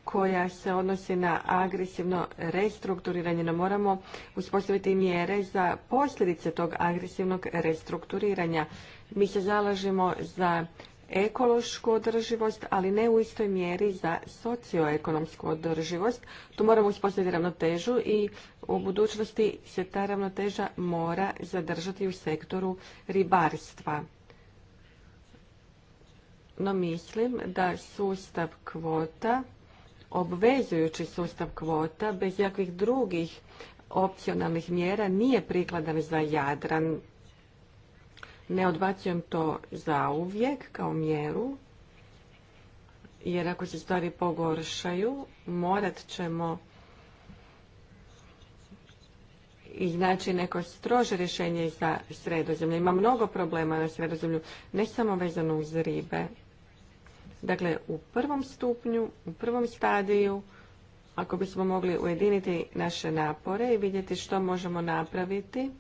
koja se odnosi na agresivno restrukturiranje. No moramo uspostaviti mjere za posljedice tog agresivnog restrukturiranja. Mi se zalažemo za ekološku održivost, ali ne u istoj mjeri za socioekonomsku održivost. Tu moramo uspostaviti ravnotežu i u budućnosti se ta ravnoteža mora zadržati u sektoru ribarstva. No mislim da sustav kvota, obvezujući sustav kvota bez jakvih drugih opcionalnih mjera nije prikladan za Jadran ne odbacujem to zauvijek kao mjeru, jer ako se stvari pogoršaju, morat ćemo iznaći neko strože rješenje za sredozemlje. Ima mnogo problema na sredozemlju, ne samo vezano uz ribe. Dakle, u prvom stupnju, u prvom stadiju, ako bismo mogli ujediniti naše napore i vidjeti što možemo napraviti,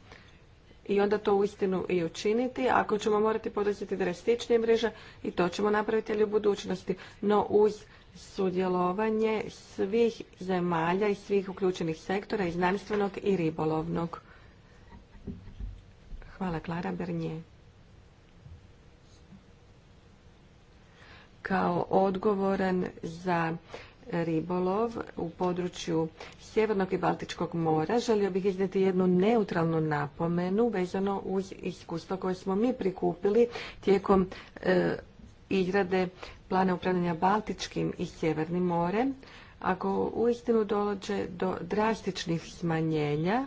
i onda to uistinu i učiniti. Ako ćemo morati poduzeti drastičnije mreže i to ćemo napraviti ali u budućnosti. No uz sudjelovanje svih zemalja i svih uključenih sektora i znanstvenog i ribolovnog. Hvala Klara Bernije. Kao odgovoran za ribolov u području Sjevernog i Baltičkog mora. Želio bih iznijeti jednu neutralnu napomenu vezano uz iskustvo koje smo mi prikupili tijekom e, izrade plana upravljanja Baltičkim i Sjevernim morem. Ako u uistinu dođe do drastičnih smanjenja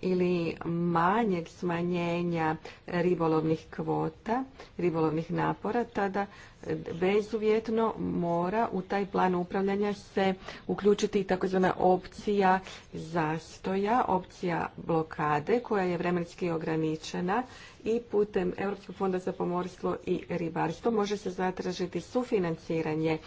ili manjeg smanjenja ribolovnih kvota, ribolovnih napora, tada bezuvjetno mora u taj plan upravljanja se uključiti i takozvana opcija zastoja, opcija blokade koja je vremenski ograničena i putem Europskog fonda za pomorstvo i ribarstvo može se zatražiti sufinanciranje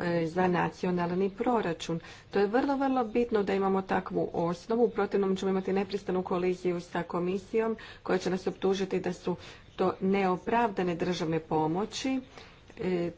e, za nacionalni proračun. To je vrlo, vrlo bitno da imamo takvu osnovu. U protivnom ćemo imati nepristanu koliziju sa komisijom koja će nas optužiti da su to neopravdane državne pomoći E,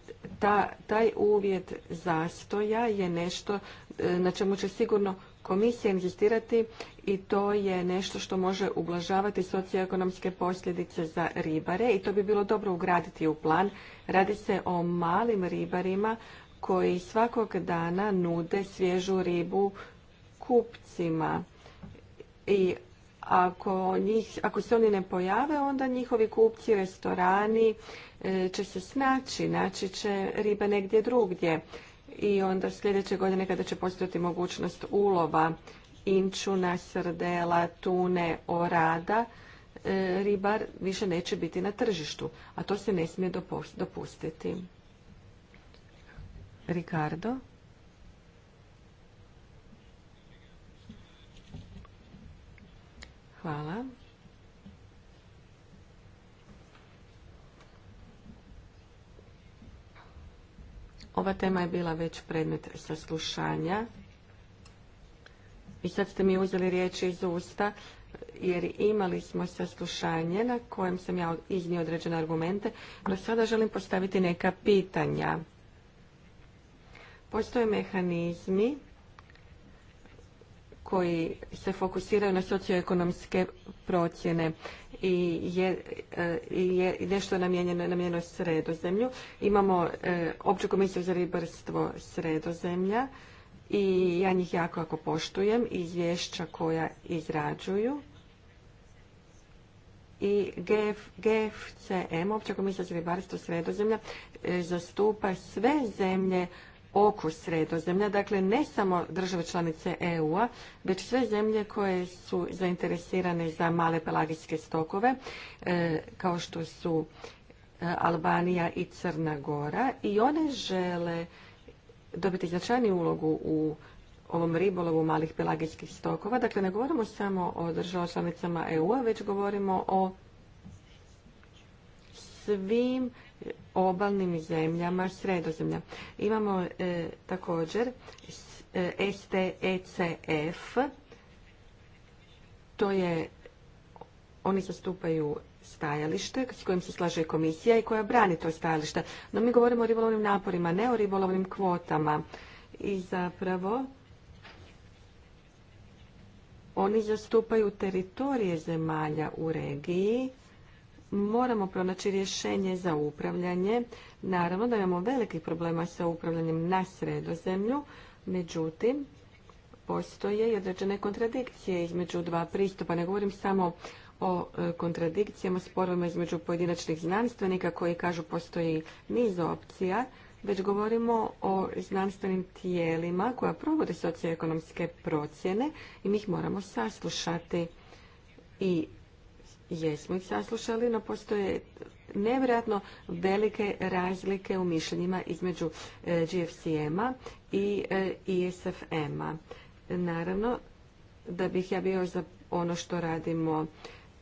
taj uvjet zastoja je nešto e, na čemu će sigurno komisija inzistirati i to je nešto što može ublažavati socioekonomske posljedice za ribare i to bi bilo dobro ugraditi u plan. Radi se o malim ribarima koji svakog dana nude svježu ribu kupcima i ako, njih, ako se oni ne pojave, onda njihovi kupci, restorani e, će se snaći, naći će ribe negdje drugdje. I onda sljedeće godine kada će postojati mogućnost ulova inčuna, srdela, tune, orada, e, ribar više neće biti na tržištu, a to se ne smije dopustiti. Ricardo? Hvala. Ova tema je bila već predmet saslušanja. I sad ste mi uzeli riječi iz usta, jer imali smo saslušanje na kojem sam ja iznio određene argumente, no sada želim postaviti neka pitanja. Postoje mehanizmi koji se fokusiraju na socioekonomske procjene i je, e, je nešto namijenjeno, namijenjeno sredozemlju. Imamo e, opću komisiju za ribarstvo sredozemlja i ja njih jako ako poštujem izvješća koja izrađuju i GFCM, Opća komisija za ribarstvo sredozemlja, e, zastupa sve zemlje oko sredozemlja, dakle ne samo države članice EU-a, već sve zemlje koje su zainteresirane za male pelagijske stokove, e, kao što su e, Albanija i Crna Gora i one žele dobiti značajniju ulogu u ovom ribolovu malih pelagijskih stokova. Dakle, ne govorimo samo o država članicama EU-a, već govorimo o svim obalnim zemljama sredozemlja. Imamo e, također STECF, e, to je, oni zastupaju stajalište s kojim se slaže komisija i koja brani to stajalište. No mi govorimo o ribolovnim naporima, ne o ribolovnim kvotama. I zapravo oni zastupaju teritorije zemalja u regiji moramo pronaći rješenje za upravljanje. Naravno da imamo velikih problema sa upravljanjem na sredozemlju, međutim, postoje i određene kontradikcije između dva pristupa. Ne govorim samo o e, kontradikcijama, sporovima između pojedinačnih znanstvenika koji kažu postoji niz opcija, već govorimo o znanstvenim tijelima koja provode socioekonomske procjene i mi ih moramo saslušati i jesmo ih saslušali, no postoje nevjerojatno velike razlike u mišljenjima između e, GFCM-a i e, ISFM-a. Naravno, da bih ja bio za ono što radimo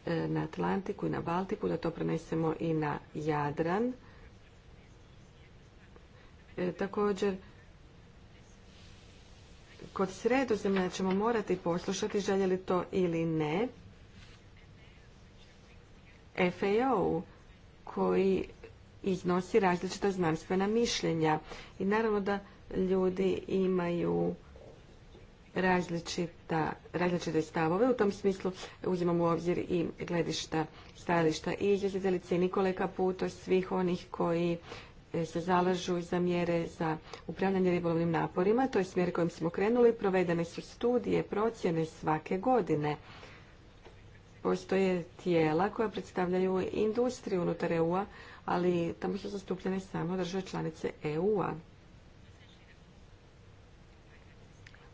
e, na Atlantiku i na Baltiku, da to prenesemo i na Jadran. Također, kod sredozemlja ćemo morati poslušati želje li to ili ne FAO koji iznosi različita znanstvena mišljenja. I naravno da ljudi imaju različite stavove. U tom smislu uzimamo u obzir i gledišta stajališta i izvjezelice i Nikole Kaputo, svih onih koji e, se zalažu za mjere za upravljanje ribolovnim naporima. To je smjer kojim smo krenuli. Provedene su studije, procjene svake godine postoje tijela koja predstavljaju industriju unutar EU-a, ali tamo su zastupljene samo države članice EU-a.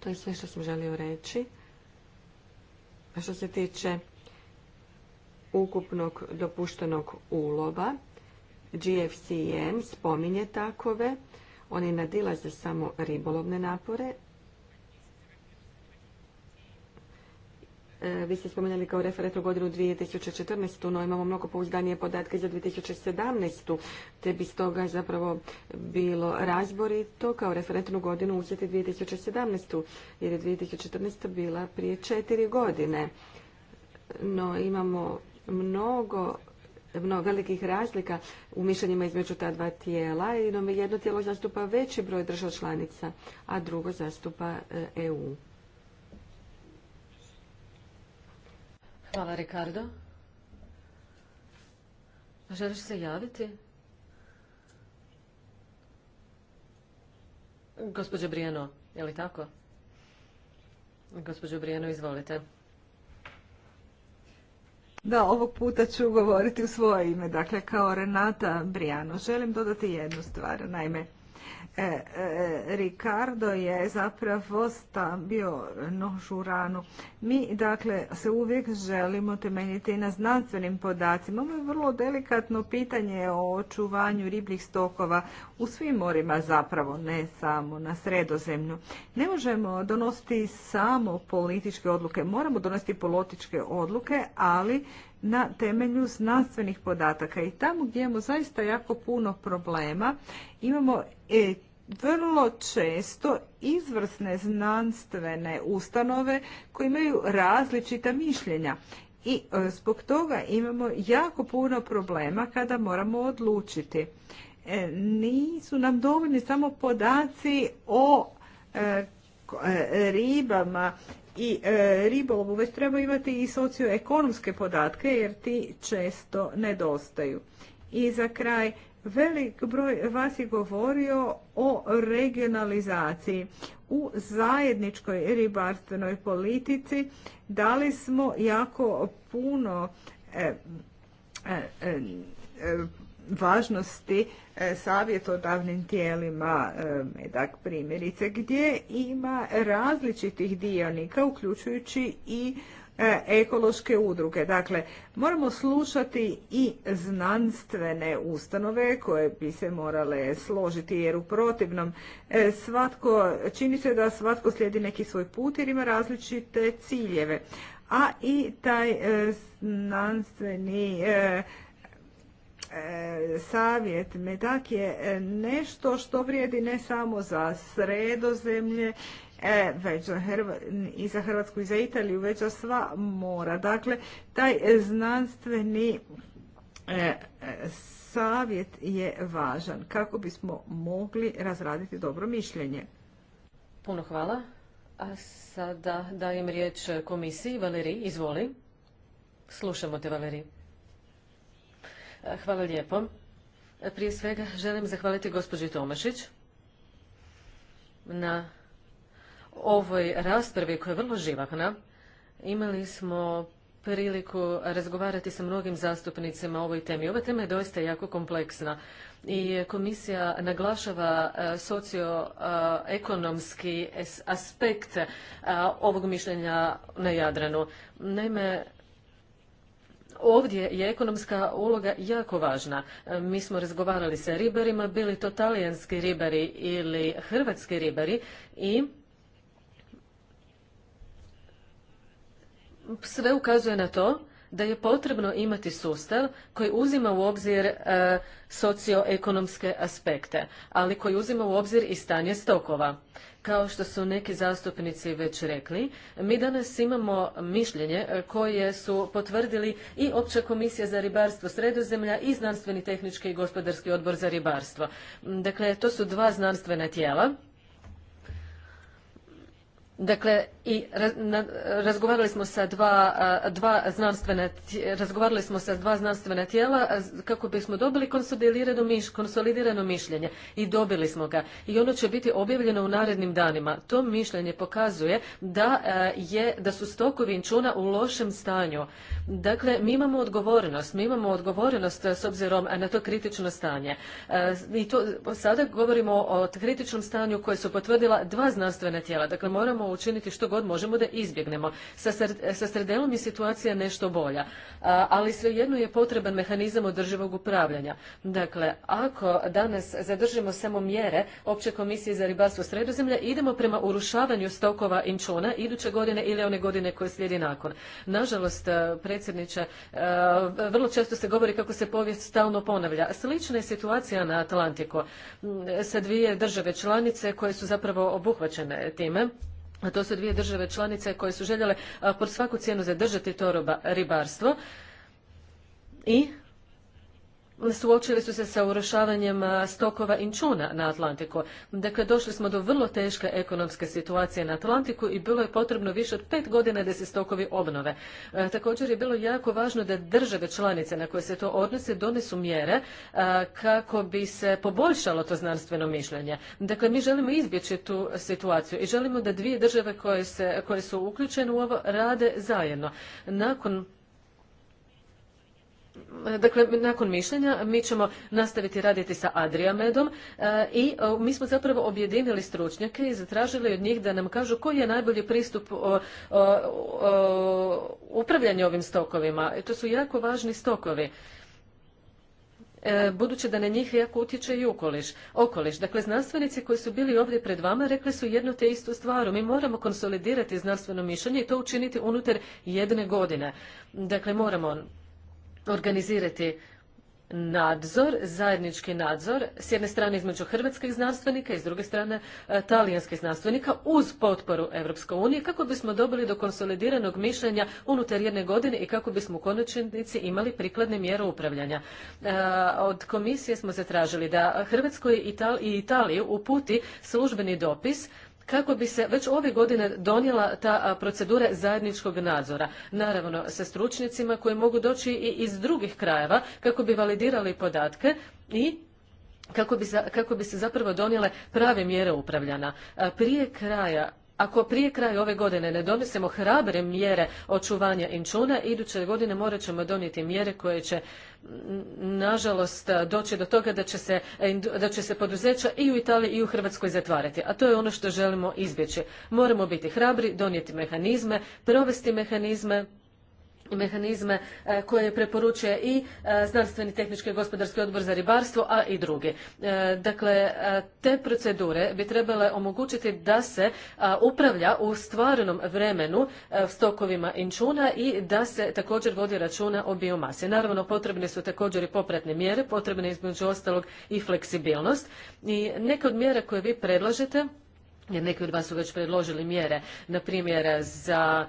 To je sve što sam želio reći. A što se tiče ukupnog dopuštenog ulova, GFCM spominje takove, oni nadilaze samo ribolovne napore, E, vi ste spomenuli kao referentnu godinu 2014. no imamo mnogo pouzdanije podatke za 2017. te bi stoga zapravo bilo razborito kao referentnu godinu uzeti 2017. jer je 2014. bila prije četiri godine. No imamo mnogo mnogo velikih razlika u mišljenjima između ta dva tijela. Jedno tijelo zastupa veći broj država članica, a drugo zastupa EU. E Hvala, Ricardo. Želiš se javiti? Gospođo Brijeno, je li tako? Gospođo Brijeno, izvolite. Da, ovog puta ću govoriti u svoje ime, dakle kao Renata Brijano. Želim dodati jednu stvar, naime, E, e, Ricardo je zapravo bio u ranu. Mi dakle se uvijek želimo temeljiti na znanstvenim podacima. Ovo je vrlo delikatno pitanje o očuvanju ribljih stokova u svim morima zapravo, ne samo na sredozemlju. Ne možemo donositi samo političke odluke, moramo donositi političke odluke, ali na temelju znanstvenih podataka i tamo gdje imamo zaista jako puno problema imamo e, vrlo često izvrsne znanstvene ustanove koje imaju različita mišljenja i e, zbog toga imamo jako puno problema kada moramo odlučiti. E, nisu nam dovoljni samo podaci o ribama i e, ribolovu, već treba imati i socioekonomske podatke jer ti često nedostaju. I za kraj, velik broj vas je govorio o regionalizaciji. U zajedničkoj ribarstvenoj politici dali smo jako puno e, e, važnosti e, savjetodavnim tijelima e, medak primjerice gdje ima različitih dionika uključujući i e, ekološke udruge. Dakle, moramo slušati i znanstvene ustanove koje bi se morale složiti jer u protivnom svatko, čini se da svatko slijedi neki svoj put jer ima različite ciljeve. A i taj znanstveni E, savjet medak je e, nešto što vrijedi ne samo za sredozemlje, e, već i za Hrvatsku i za Italiju, već za sva mora. Dakle, taj znanstveni savjet je važan kako bismo mogli razraditi dobro mišljenje. Puno hvala. A sada dajem riječ komisiji. valeri izvoli. Slušamo te, valeri Hvala lijepo. Prije svega želim zahvaliti gospođi Tomašić na ovoj raspravi koja je vrlo živahna. Imali smo priliku razgovarati sa mnogim zastupnicima o ovoj temi. Ova tema je doista jako kompleksna i komisija naglašava e, socioekonomski e, aspekt e, ovog mišljenja na Jadranu. Naime, Ovdje je ekonomska uloga jako važna. E, mi smo razgovarali sa ribarima, bili to talijanski ribari ili hrvatski ribari i sve ukazuje na to da je potrebno imati sustav koji uzima u obzir e, socioekonomske aspekte, ali koji uzima u obzir i stanje stokova. Kao što su neki zastupnici već rekli, mi danas imamo mišljenje e, koje su potvrdili i Opća komisija za ribarstvo Sredozemlja i Znanstveni tehnički i gospodarski odbor za ribarstvo. Dakle, to su dva znanstvena tijela Dakle, i razgovarali smo sa dva, dva znanstvena, razgovarali smo sa dva znanstvena tijela kako bismo dobili konsolidirano, mišljenje i dobili smo ga. I ono će biti objavljeno u narednim danima. To mišljenje pokazuje da je, da su stokovi inčuna u lošem stanju. Dakle, mi imamo odgovornost, mi imamo odgovornost s obzirom na to kritično stanje. I to sada govorimo o kritičnom stanju koje su potvrdila dva znanstvena tijela. Dakle, moramo moramo učiniti što god možemo da izbjegnemo. Sa, sredelom je situacija nešto bolja, ali svejedno je potreban mehanizam održivog upravljanja. Dakle, ako danas zadržimo samo mjere Opće komisije za ribarstvo sredozemlja, idemo prema urušavanju stokova inčuna iduće godine ili one godine koje slijedi nakon. Nažalost, e, predsjedniče, e, vrlo često se govori kako se povijest stalno ponavlja. Slična je situacija na Atlantiku sa dvije države članice koje su zapravo obuhvaćene time a to su dvije države članice koje su željele pod svaku cijenu zadržati to ribarstvo i suočili su se sa urušavanjem stokova inčuna na Atlantiku. Dakle, došli smo do vrlo teške ekonomske situacije na Atlantiku i bilo je potrebno više od pet godina da se stokovi obnove. E, također je bilo jako važno da države članice na koje se to odnose donesu mjere kako bi se poboljšalo to znanstveno mišljenje. Dakle, mi želimo izbjeći tu situaciju i želimo da dvije države koje, se, koje su uključene u ovo rade zajedno. Nakon Dakle, nakon mišljenja mi ćemo nastaviti raditi sa Adriamedom e, i e, mi smo zapravo objedinili stručnjake i zatražili od njih da nam kažu koji je najbolji pristup upravljanju ovim stokovima. E, to su jako važni stokovi budući da na njih jako utječe i okoliš. okoliš. Dakle, znanstvenici koji su bili ovdje pred vama rekli su jednu te istu stvar. Mi moramo konsolidirati znanstveno mišljenje i to učiniti unutar jedne godine. Dakle, moramo organizirati nadzor, zajednički nadzor, s jedne strane između hrvatskih znanstvenika i s druge strane e, talijanskih znanstvenika uz potporu Europske unije kako bismo dobili do konsolidiranog mišljenja unutar jedne godine i kako bismo u konačnici imali prikladne mjere upravljanja. E, od komisije smo zatražili da Hrvatskoj i Italiji uputi službeni dopis kako bi se već ove godine donijela ta procedura zajedničkog nadzora. Naravno, sa stručnjacima koji mogu doći i iz drugih krajeva kako bi validirali podatke i kako bi, se zapravo donijele prave mjere upravljana. Prije kraja ako prije kraja ove godine ne donesemo hrabre mjere očuvanja inčuna, iduće godine morat ćemo donijeti mjere koje će nažalost doći do toga da će se, da će se poduzeća i u Italiji i u Hrvatskoj zatvarati, a to je ono što želimo izbjeći. Moramo biti hrabri, donijeti mehanizme, provesti mehanizme mehanizme e, koje preporučuje i e, znanstveni tehnički i gospodarski odbor za ribarstvo, a i drugi. E, dakle, te procedure bi trebale omogućiti da se upravlja u stvarnom vremenu stokovima inčuna i da se također vodi računa o biomasi. Naravno, potrebne su također i popratne mjere, potrebne između ostalog i fleksibilnost. I neke od mjera koje vi predlažete jer neki od vas su već predložili mjere, na primjer za,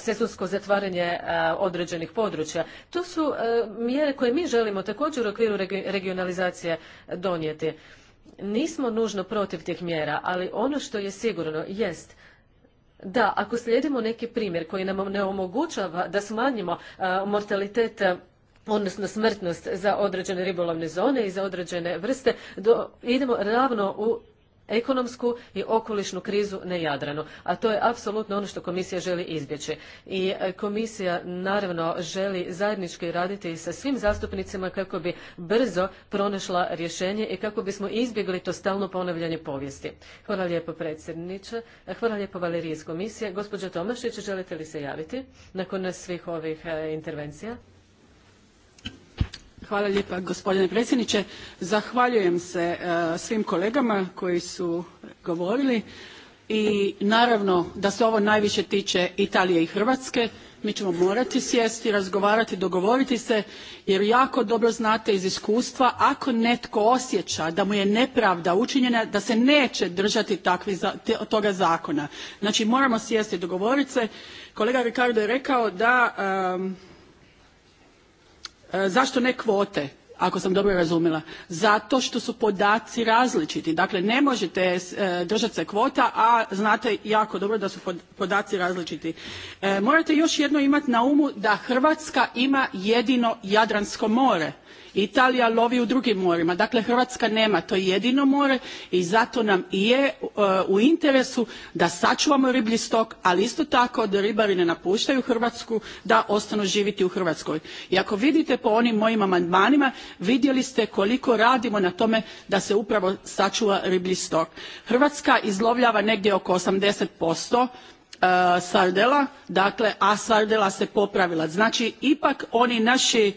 sezonsko, zatvaranje određenih područja. To su e, mjere koje mi želimo također u okviru regionalizacije donijeti. Nismo nužno protiv tih mjera, ali ono što je sigurno jest da ako slijedimo neki primjer koji nam ne omogućava da smanjimo mortalitet odnosno smrtnost za određene ribolovne zone i za određene vrste, do, idemo ravno u ekonomsku i okolišnu krizu na Jadranu, a to je apsolutno ono što komisija želi izbjeći. I e, komisija naravno želi zajednički raditi sa svim zastupnicima kako bi brzo pronašla rješenje i kako bismo izbjegli to stalno ponavljanje povijesti. Hvala lijepo predsjedniče, e, hvala lijepo Valeriji iz komisije. Gospođo Tomašić, želite li se javiti nakon svih ovih e, intervencija? Hvala gospodine predsjedniče. Zahvaljujem se e, svim kolegama koji su govorili i naravno da se ovo najviše tiče Italije i Hrvatske. Mi ćemo morati sjesti, razgovarati, dogovoriti se jer jako dobro znate iz iskustva ako netko osjeća da mu je nepravda učinjena da se neće držati toga zakona. Znači moramo sjesti i dogovoriti se. Kolega Ricardo je rekao da E, zašto ne kvote ako sam dobro razumjela zato što su podaci različiti dakle ne možete e, držati se kvota a znate jako dobro da su podaci različiti e, morate još jednom imati na umu da hrvatska ima jedino jadransko more Italija lovi u drugim morima, dakle Hrvatska nema to jedino more i zato nam i je e, u interesu da sačuvamo riblji stok, ali isto tako da ribari ne napuštaju Hrvatsku, da ostanu živjeti u Hrvatskoj. I ako vidite po onim mojim amandmanima, vidjeli ste koliko radimo na tome da se upravo sačuva riblji stok. Hrvatska izlovljava negdje oko 80% e, sardela, dakle, a sardela se popravila. Znači, ipak oni naši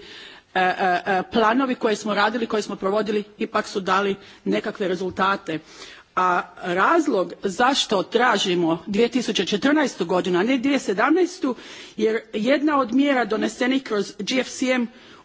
E, e, e, planovi koje smo radili, koje smo provodili ipak su dali nekakve rezultate. A razlog zašto tražimo 2014. godinu, a ne 2017. jer jedna od mjera donesenih kroz GFCM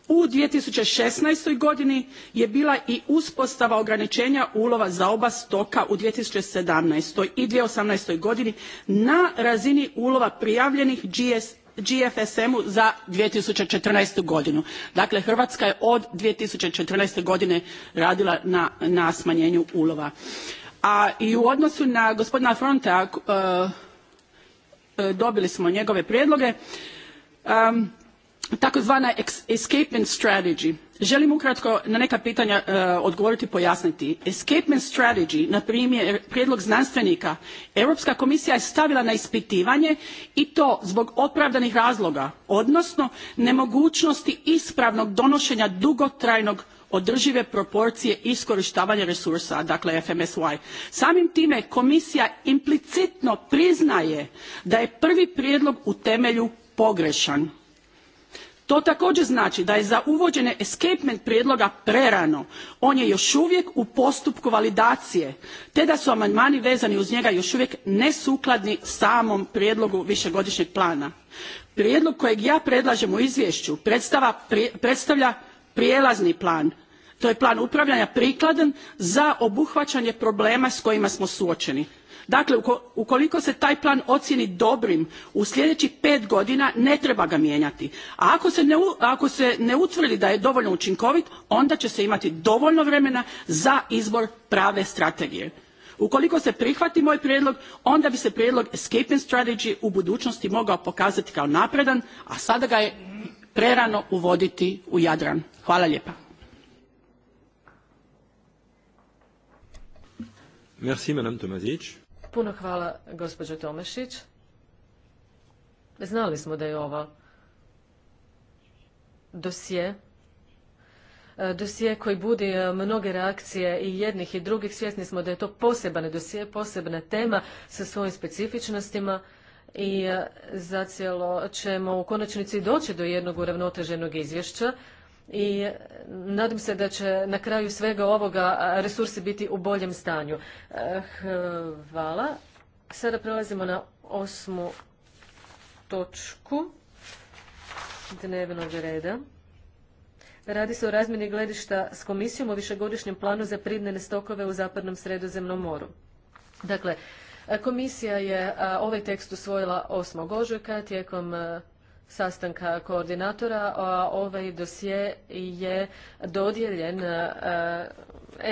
u 2016. godini je bila i uspostava ograničenja ulova za oba stoka u 2017. i 2018. godini na razini ulova prijavljenih GS GFSM-u za 2014. godinu. Dakle, Hrvatska je od 2014. godine radila na, smanjenju ulova. A i u odnosu na gospodina Fronta, eh, eh, dobili smo njegove prijedloge takozvana escapement strategy želim ukratko na neka pitanja e, odgovoriti i pojasniti. escapement strategy na primjer prijedlog znanstvenika europska komisija je stavila na ispitivanje i to zbog opravdanih razloga odnosno nemogućnosti ispravnog donošenja dugotrajnog održive proporcije iskorištavanja resursa dakle fmsy. samim time komisija implicitno priznaje da je prvi prijedlog u temelju pogrešan to također znači da je za uvođene escapement prijedloga prerano on je još uvijek u postupku validacije te da su amandmani vezani uz njega još uvijek nesukladni samom prijedlogu višegodišnjeg plana. prijedlog kojeg ja predlažem u izvješću predstavlja prijelazni plan to je plan upravljanja prikladan za obuhvaćanje problema s kojima smo suočeni. Dakle, ukoliko se taj plan ocijeni dobrim u sljedećih pet godina ne treba ga mijenjati, a ako se, ne, utvrdi da je dovoljno učinkovit onda će se imati dovoljno vremena za izbor prave strategije. Ukoliko se prihvati moj prijedlog, onda bi se prijedlog Escaping Strategy u budućnosti mogao pokazati kao napredan, a sada ga je prerano uvoditi u Jadran. Hvala lijepa. Merci, madame Puno hvala, gospođo Tomašić. Znali smo da je ova dosje e, dosije koji budi e, mnoge reakcije i jednih i drugih. Svjesni smo da je to poseban dosije, posebna tema sa svojim specifičnostima i e, cijelo ćemo u konačnici doći do jednog uravnoteženog izvješća i nadam se da će na kraju svega ovoga resursi biti u boljem stanju. Eh, hvala. Sada prelazimo na osmu točku dnevnog reda. Radi se o razmjeni gledišta s komisijom o višegodišnjem planu za pridnene stokove u zapadnom sredozemnom moru. Dakle, komisija je eh, ovaj tekst usvojila 8. ožujka tijekom eh, sastanka koordinatora, a ovaj dosje je dodijeljen e,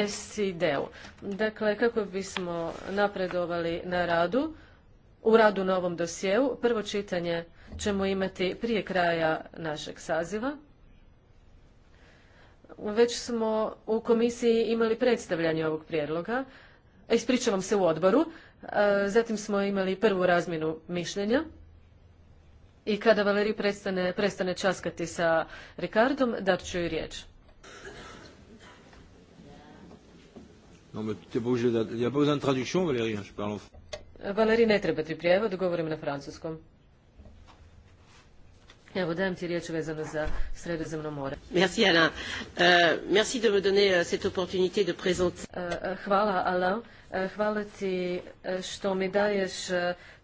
SCD-u. Dakle, kako bismo napredovali na radu, u radu na ovom dosjeu, prvo čitanje ćemo imati prije kraja našeg saziva. Već smo u komisiji imali predstavljanje ovog prijedloga, e, ispričavam se u odboru, e, zatim smo imali prvu razmjenu mišljenja i kada Valeri prestane, prestane časkati sa Rikardom, dar ću i riječ. Non, mais t'es pas obligé Il n'y a pas besoin de traduction, Valérie. Je parle en Valérie, ne treba ti prijevod, govorim na francuskom. Evo, dajem ti riječ vezano za sredozemno more. Merci, Alain. Uh, merci de me donner euh, cette opportunité de présenter. Euh, euh, hvala, Alain. Hvala ti što mi daješ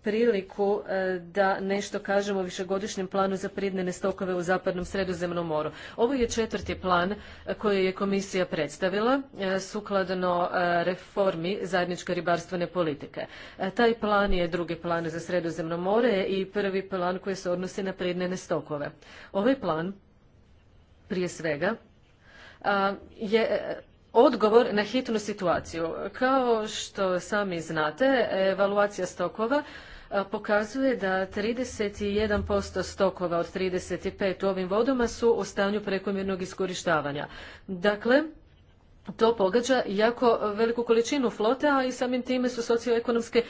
priliku e, da nešto kažemo o višegodišnjem planu za pridnene stokove u zapadnom sredozemnom moru. Ovo je četvrti plan e, koji je komisija predstavila e, sukladno reformi zajedničke ribarstvene politike. Taj plan je drugi plan za sredozemno more i prvi plan koji se odnosi na pridnene stokove. Ovaj plan prije svega je odgovor na hitnu situaciju. Kao što sami znate, evaluacija stokova pokazuje da 31% stokova od 35 u ovim vodama su u stanju prekomjernog iskorištavanja. Dakle, to pogađa jako veliku količinu flote, a i samim time su socioekonomski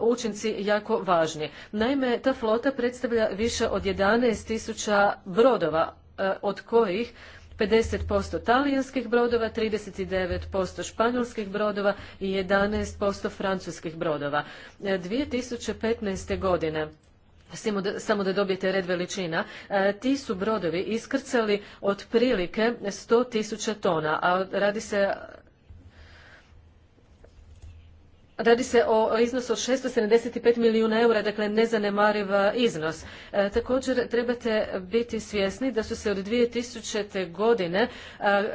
učinci jako važni. Naime, ta flota predstavlja više od 11.000 tisuća brodova, od kojih 50% talijanskih brodova, 39% španjolskih brodova i 11% francuskih brodova. 2015. E, godine samo da dobijete red veličina, e, ti su brodovi iskrcali otprilike 100 tisuća tona, a radi se Radi se o iznosu od 675 milijuna eura, dakle nezanemariv e, iznos. E, također trebate biti svjesni da su se od 2000. godine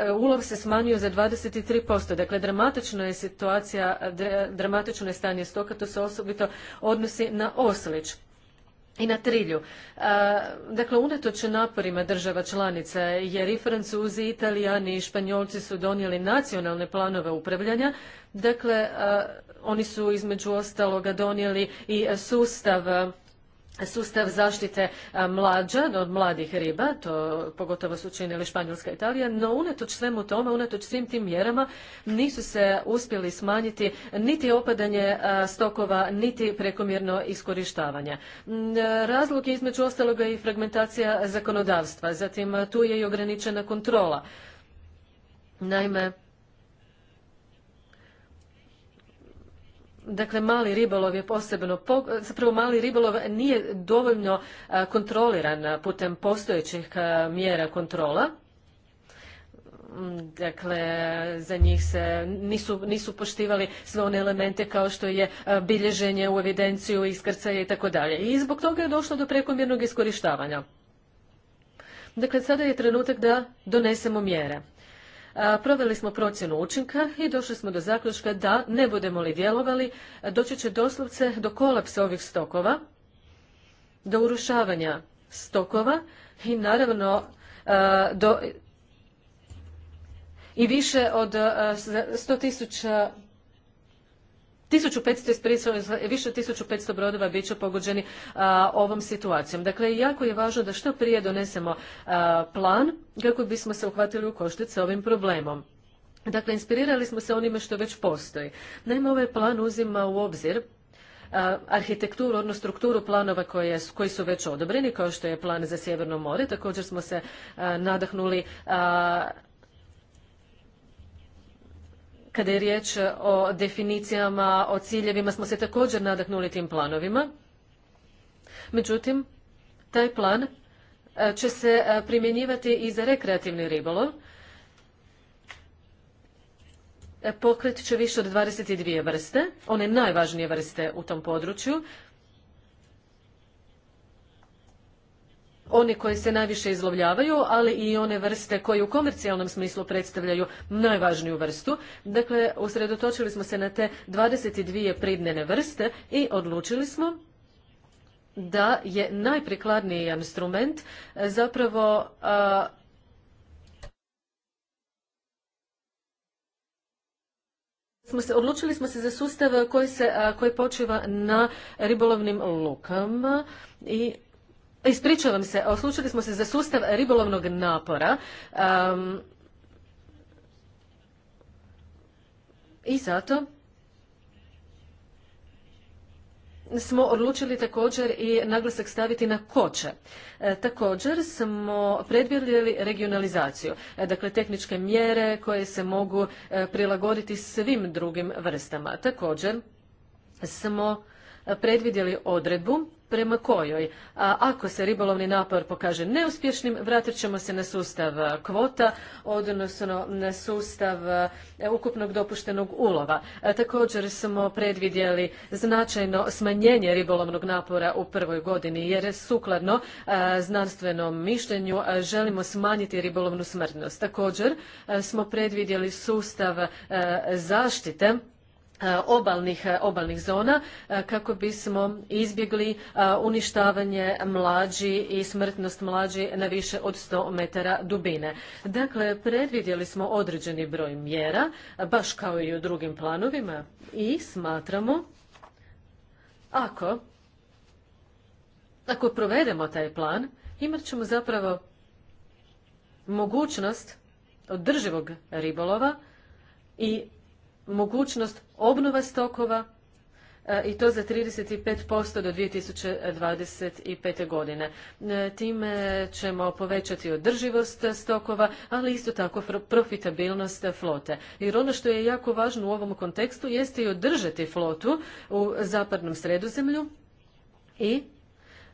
e, ulov se smanjio za 23%. Dakle, dramatično je situacija, dramatično je stanje stoka, to se osobito odnosi na oslič i na trilju. dakle, unatoč naporima država članica, jer i Francuzi, i Italijani, i Španjolci su donijeli nacionalne planove upravljanja, dakle, oni su između ostaloga donijeli i sustav sustav zaštite mlađa od mladih riba, to pogotovo su činili Španjolska i Italija, no unatoč svemu tome, unatoč svim tim mjerama nisu se uspjeli smanjiti niti opadanje stokova, niti prekomjerno iskorištavanje. Razlog je između ostaloga i fragmentacija zakonodavstva, zatim tu je i ograničena kontrola. Naime, Dakle, mali ribolov je posebno, zapravo mali ribolov nije dovoljno kontroliran putem postojećih mjera kontrola. Dakle, za njih se nisu, nisu poštivali sve one elemente kao što je bilježenje u evidenciju, iskrcaje i tako dalje. I zbog toga je došlo do prekomjernog iskorištavanja. Dakle, sada je trenutak da donesemo mjere. Proveli smo procjenu učinka i došli smo do zaključka da ne budemo li djelovali, doći će doslovce do kolapsa ovih stokova, do urušavanja stokova i naravno do i više od 100 tisuća 1500, više od 1500 brodova bit će pogođeni ovom situacijom. Dakle, jako je važno da što prije donesemo plan kako bismo se uhvatili u koštac ovim problemom. Dakle, inspirirali smo se onime što već postoji. Naime, ovaj plan uzima u obzir arhitekturu, odnosno strukturu planova koji su već odobreni, kao što je plan za Sjeverno more. Također smo se nadahnuli kada je riječ o definicijama, o ciljevima, smo se također nadahnuli tim planovima. Međutim, taj plan e, će se e, primjenjivati i za rekreativni ribolov. E, pokret će više od 22 vrste, one najvažnije vrste u tom području. one koje se najviše izlovljavaju, ali i one vrste koje u komercijalnom smislu predstavljaju najvažniju vrstu. Dakle, usredotočili smo se na te 22 pridnene vrste i odlučili smo da je najprikladniji instrument e, zapravo smo se, odlučili smo se za sustav koji, se, koji počiva na ribolovnim lukama i Ispričavam se, oslučili smo se za sustav ribolovnog napora. Um, I zato smo odlučili također i naglasak staviti na koče. E, također smo predvidjeli regionalizaciju, e, dakle tehničke mjere koje se mogu e, prilagoditi svim drugim vrstama. Također smo predvidjeli odredbu prema kojoj ako se ribolovni napor pokaže neuspješnim vratit ćemo se na sustav kvota odnosno na sustav ukupnog dopuštenog ulova. također smo predvidjeli značajno smanjenje ribolovnog napora u prvoj godini jer sukladno znanstvenom mišljenju želimo smanjiti ribolovnu smrtnost. Također smo predvidjeli sustav zaštite E, obalnih, e, obalnih zona e, kako bismo izbjegli uništavanje mlađi i smrtnost mlađi na više od 100 metara dubine. Dakle, predvidjeli smo određeni broj mjera, baš kao i u drugim planovima i smatramo ako ako provedemo taj plan, imat ćemo zapravo mogućnost održivog ribolova i mogućnost obnova stokova e, i to za 35% do 2025. godine. E, time ćemo povećati održivost stokova, ali isto tako profitabilnost flote. Jer ono što je jako važno u ovom kontekstu jeste i održati flotu u zapadnom sredozemlju i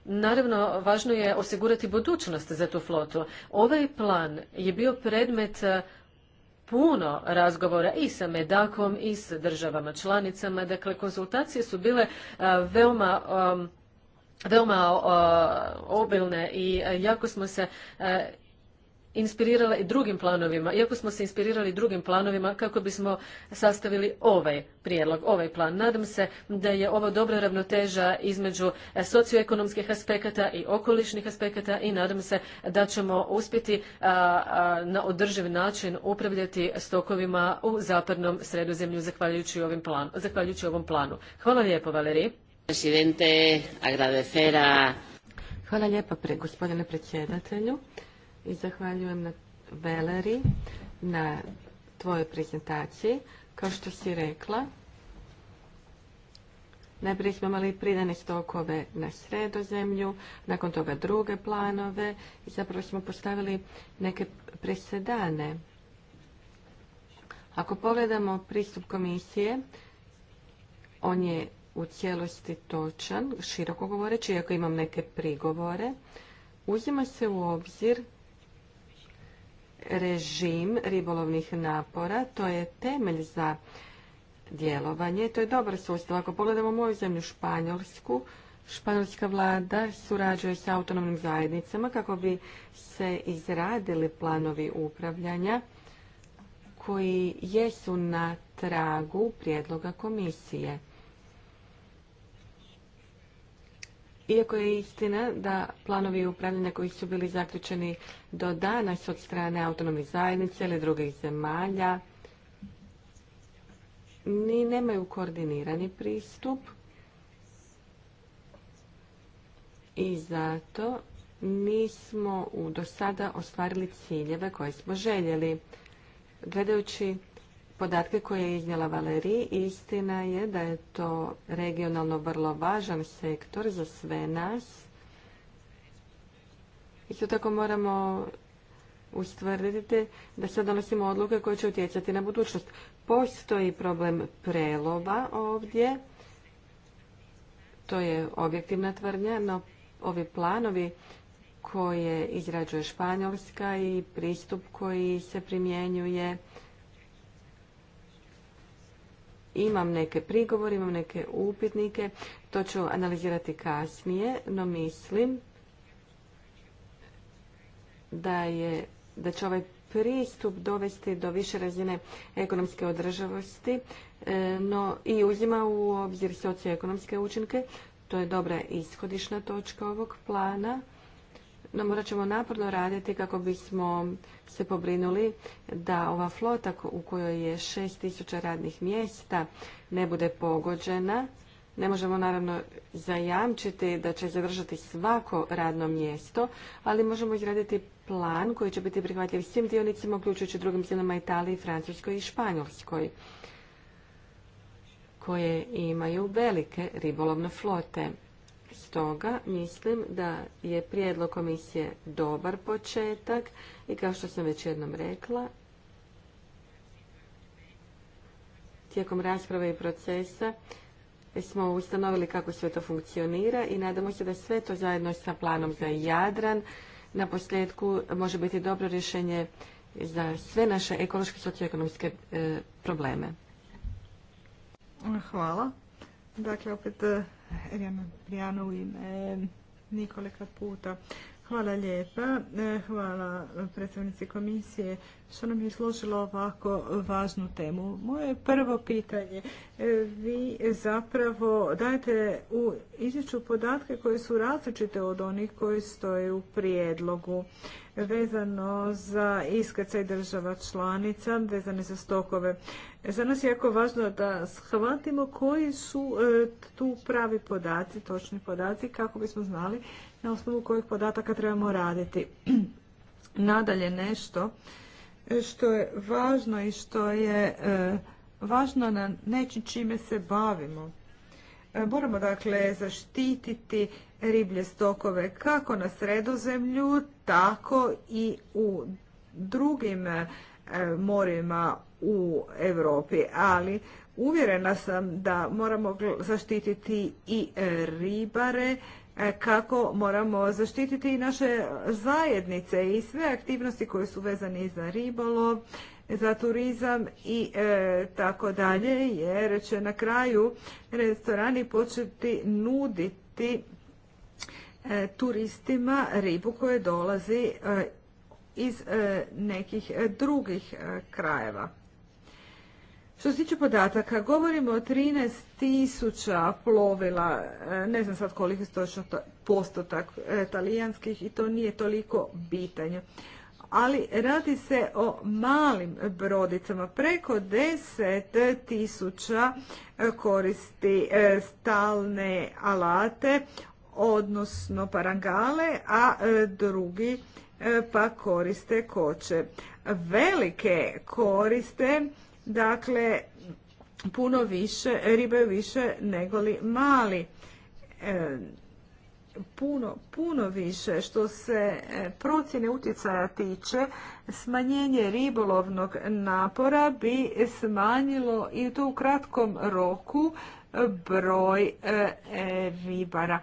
Naravno, važno je osigurati budućnost za tu flotu. Ovaj plan je bio predmet puno razgovora i sa Medakom i sa državama članicama. Dakle, konsultacije su bile veoma veoma obilne i jako smo se inspirirala i drugim planovima, iako smo se inspirirali drugim planovima kako bismo sastavili ovaj prijedlog, ovaj plan. Nadam se da je ovo dobra ravnoteža između socioekonomskih aspekata i okolišnih aspekata i nadam se da ćemo uspjeti na održiv način upravljati stokovima u zapadnom sredozemlju zahvaljujući, ovim planu zahvaljujući ovom planu. Hvala lijepo, Valerij. Hvala gospodine predsjedatelju i zahvaljujem na Veleri na tvojoj prezentaciji. Kao što si rekla, najprije smo imali pridane stokove na sredozemlju, nakon toga druge planove i zapravo smo postavili neke presedane. Ako pogledamo pristup komisije, on je u cijelosti točan, široko govoreći, iako imam neke prigovore, uzima se u obzir režim ribolovnih napora. To je temelj za djelovanje. To je dobar sustav. Ako pogledamo moju zemlju Španjolsku, Španjolska vlada surađuje sa autonomnim zajednicama kako bi se izradili planovi upravljanja koji jesu na tragu prijedloga komisije. Iako je istina da planovi upravljanja koji su bili zaključeni do danas od strane autonomnih zajednice ili drugih zemalja ni nemaju koordinirani pristup i zato nismo do sada ostvarili ciljeve koje smo željeli. Gledajući podatke koje je iznjela Valerij. Istina je da je to regionalno vrlo važan sektor za sve nas. Isto tako moramo ustvrditi da sad donosimo odluke koje će utjecati na budućnost. Postoji problem prelova ovdje, to je objektivna tvrdnja, no ovi planovi koje izrađuje Španjolska i pristup koji se primjenjuje imam neke prigovore, imam neke upitnike, to ću analizirati kasnije, no mislim da, je, da će ovaj pristup dovesti do više razine ekonomske održavosti e, no, i uzima u obzir socioekonomske učinke. To je dobra ishodišna točka ovog plana. No, morat ćemo naporno raditi kako bismo se pobrinuli da ova flota u kojoj je 6000 radnih mjesta ne bude pogođena. Ne možemo naravno zajamčiti da će zadržati svako radno mjesto, ali možemo izraditi plan koji će biti prihvatljiv svim dionicima, uključujući drugim zemljama Italiji, Francuskoj i Španjolskoj, koje imaju velike ribolovne flote. Stoga mislim da je prijedlog komisije dobar početak i kao što sam već jednom rekla, tijekom rasprave i procesa smo ustanovili kako sve to funkcionira i nadamo se da sve to zajedno sa planom za Jadran na posljedku može biti dobro rješenje za sve naše ekološke i socioekonomske e, probleme. Hvala. Dakle, opet e, Rijana Drijanu i e, Nikole Kaputa. Hvala lijepa. E, hvala predstavnici komisije što nam je složilo ovako važnu temu. Moje prvo pitanje. E, vi zapravo dajete u izvješću podatke koje su različite od onih koji stoje u prijedlogu vezano za i država članica, vezane za stokove. Za nas je jako važno da shvatimo koji su e, tu pravi podaci, točni podaci, kako bismo znali na osnovu kojih podataka trebamo raditi. Nadalje nešto e, što je važno i što je e, važno na nečim čime se bavimo. E, moramo dakle zaštititi riblje stokove kako na sredozemlju, tako i u drugim morima u Europi, ali uvjerena sam da moramo zaštititi i ribare E, kako moramo zaštititi i naše zajednice i sve aktivnosti koje su vezane i za ribolov, za turizam i e, tako dalje, jer će na kraju restorani početi nuditi e, turistima ribu koje dolazi iz nekih drugih krajeva. Što se tiče podataka, govorimo o 13.000 tisuća plovila, e, ne znam sad koliko je točno postotak e, talijanskih i to nije toliko bitanje. Ali radi se o malim brodicama, preko 10.000 tisuća e, koristi stalne alate, odnosno parangale, a drugi pa koriste koče. Velike koriste Dakle, puno više, ribe više nego li mali. E, puno, puno više što se e, procjene utjecaja tiče, smanjenje ribolovnog napora bi smanjilo i to u kratkom roku e, broj ribara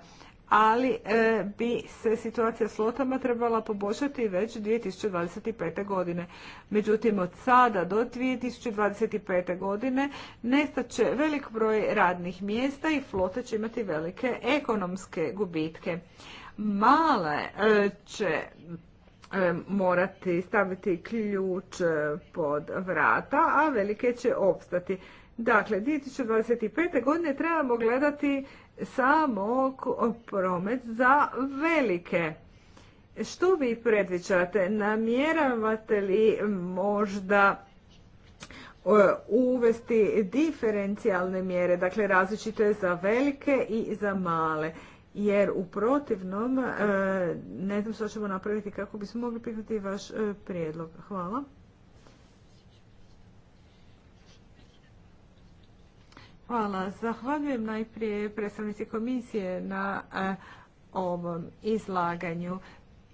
ali e, bi se situacija s lotama trebala poboljšati već 2025. godine. Međutim, od sada do 2025. godine nestaće velik broj radnih mjesta i flote će imati velike ekonomske gubitke. Male e, će e, morati staviti ključ e, pod vrata, a velike će opstati. Dakle, 2025. godine trebamo gledati samo promet za velike. Što vi predviđate? Namjeravate li možda e, uvesti diferencijalne mjere, dakle različite za velike i za male? Jer u protivnom, e, ne znam što ćemo napraviti kako bismo mogli prihvatiti vaš e, prijedlog. Hvala. Hvala. Zahvaljujem najprije predstavnici komisije na e, ovom izlaganju.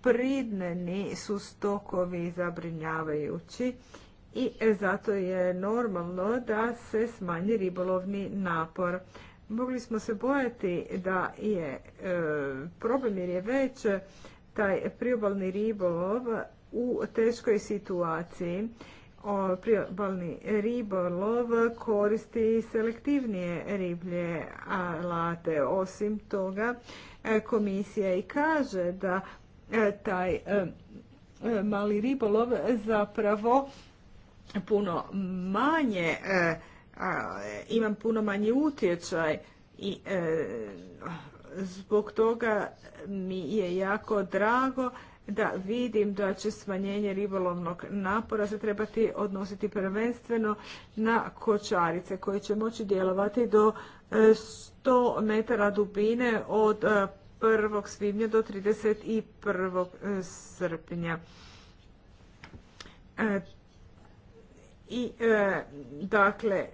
Pridneni su stokovi zabrinjavajući i zato je normalno da se smanji ribolovni napor. Mogli smo se bojati da je e, problem jer je već taj priobalni ribolov u teškoj situaciji priobalni ribolov koristi selektivnije riblje alate. Osim toga, e, komisija i kaže da e, taj e, mali ribolov zapravo puno manje imam puno manji utječaj i zbog toga mi je jako drago da vidim da će smanjenje ribolovnog napora se trebati odnositi prvenstveno na kočarice koje će moći djelovati do 100 e, metara dubine od 1. E, svibnja do 31. E, srpnja. I, dakle,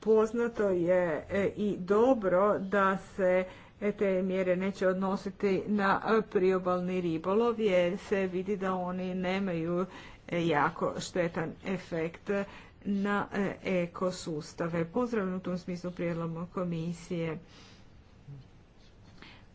poznato je i dobro da se E, te mjere neće odnositi na e, priobalni ribolov jer se vidi da oni nemaju e, jako štetan efekt na ekosustave. Pozdravljam u tom smislu prijedlogom komisije.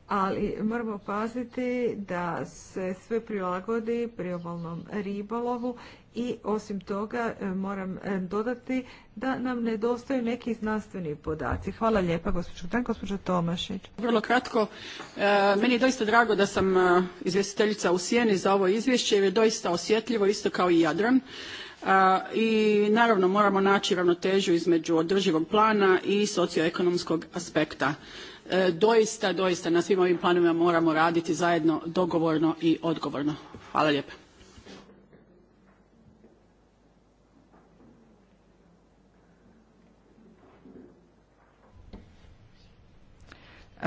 Ali moramo paziti da se sve prilagodi priobalnom ribolovu i osim toga e, moram e, dodati da nam nedostaju neki znanstveni podaci. Hvala lijepa gospođo Dan, gospođo Tomašić. Vrlo kratko, e, meni je doista drago da sam izvjestiteljica u Sjeni za ovo izvješće jer je doista osjetljivo isto kao i Jadran. i naravno moramo naći ravnotežu između održivog plana i socioekonomskog aspekta. doista, doista na svim ovim planovima moramo raditi zajedno dogovorno i odgovorno. Hvala lijepa.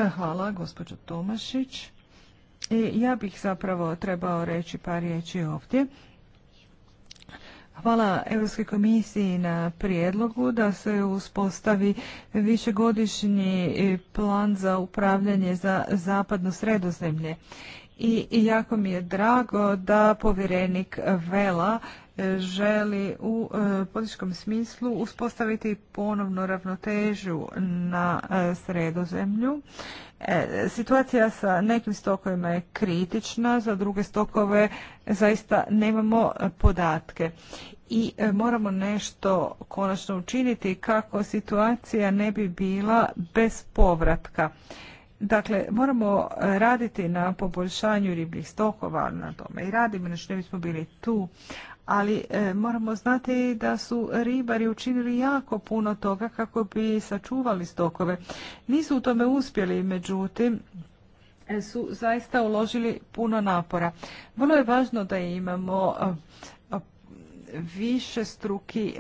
Hvala, gospođo Tomašić. ja bih zapravo trebao reći par riječi ovdje. Hvala Europskoj komisiji na prijedlogu da se uspostavi višegodišnji plan za upravljanje za zapadno sredozemlje. I jako mi je drago da povjerenik Vela želi u e, političkom smislu uspostaviti ponovno ravnotežu na e, sredozemlju. E, situacija sa nekim stokovima je kritična, za druge stokove zaista nemamo podatke i moramo nešto konačno učiniti kako situacija ne bi bila bez povratka. Dakle, moramo raditi na poboljšanju ribljih stokova na tome i radimo na znači ne bismo bili tu, ali e, moramo znati da su ribari učinili jako puno toga kako bi sačuvali stokove. Nisu u tome uspjeli, međutim, e, su zaista uložili puno napora. Vrlo je važno da imamo e, više struki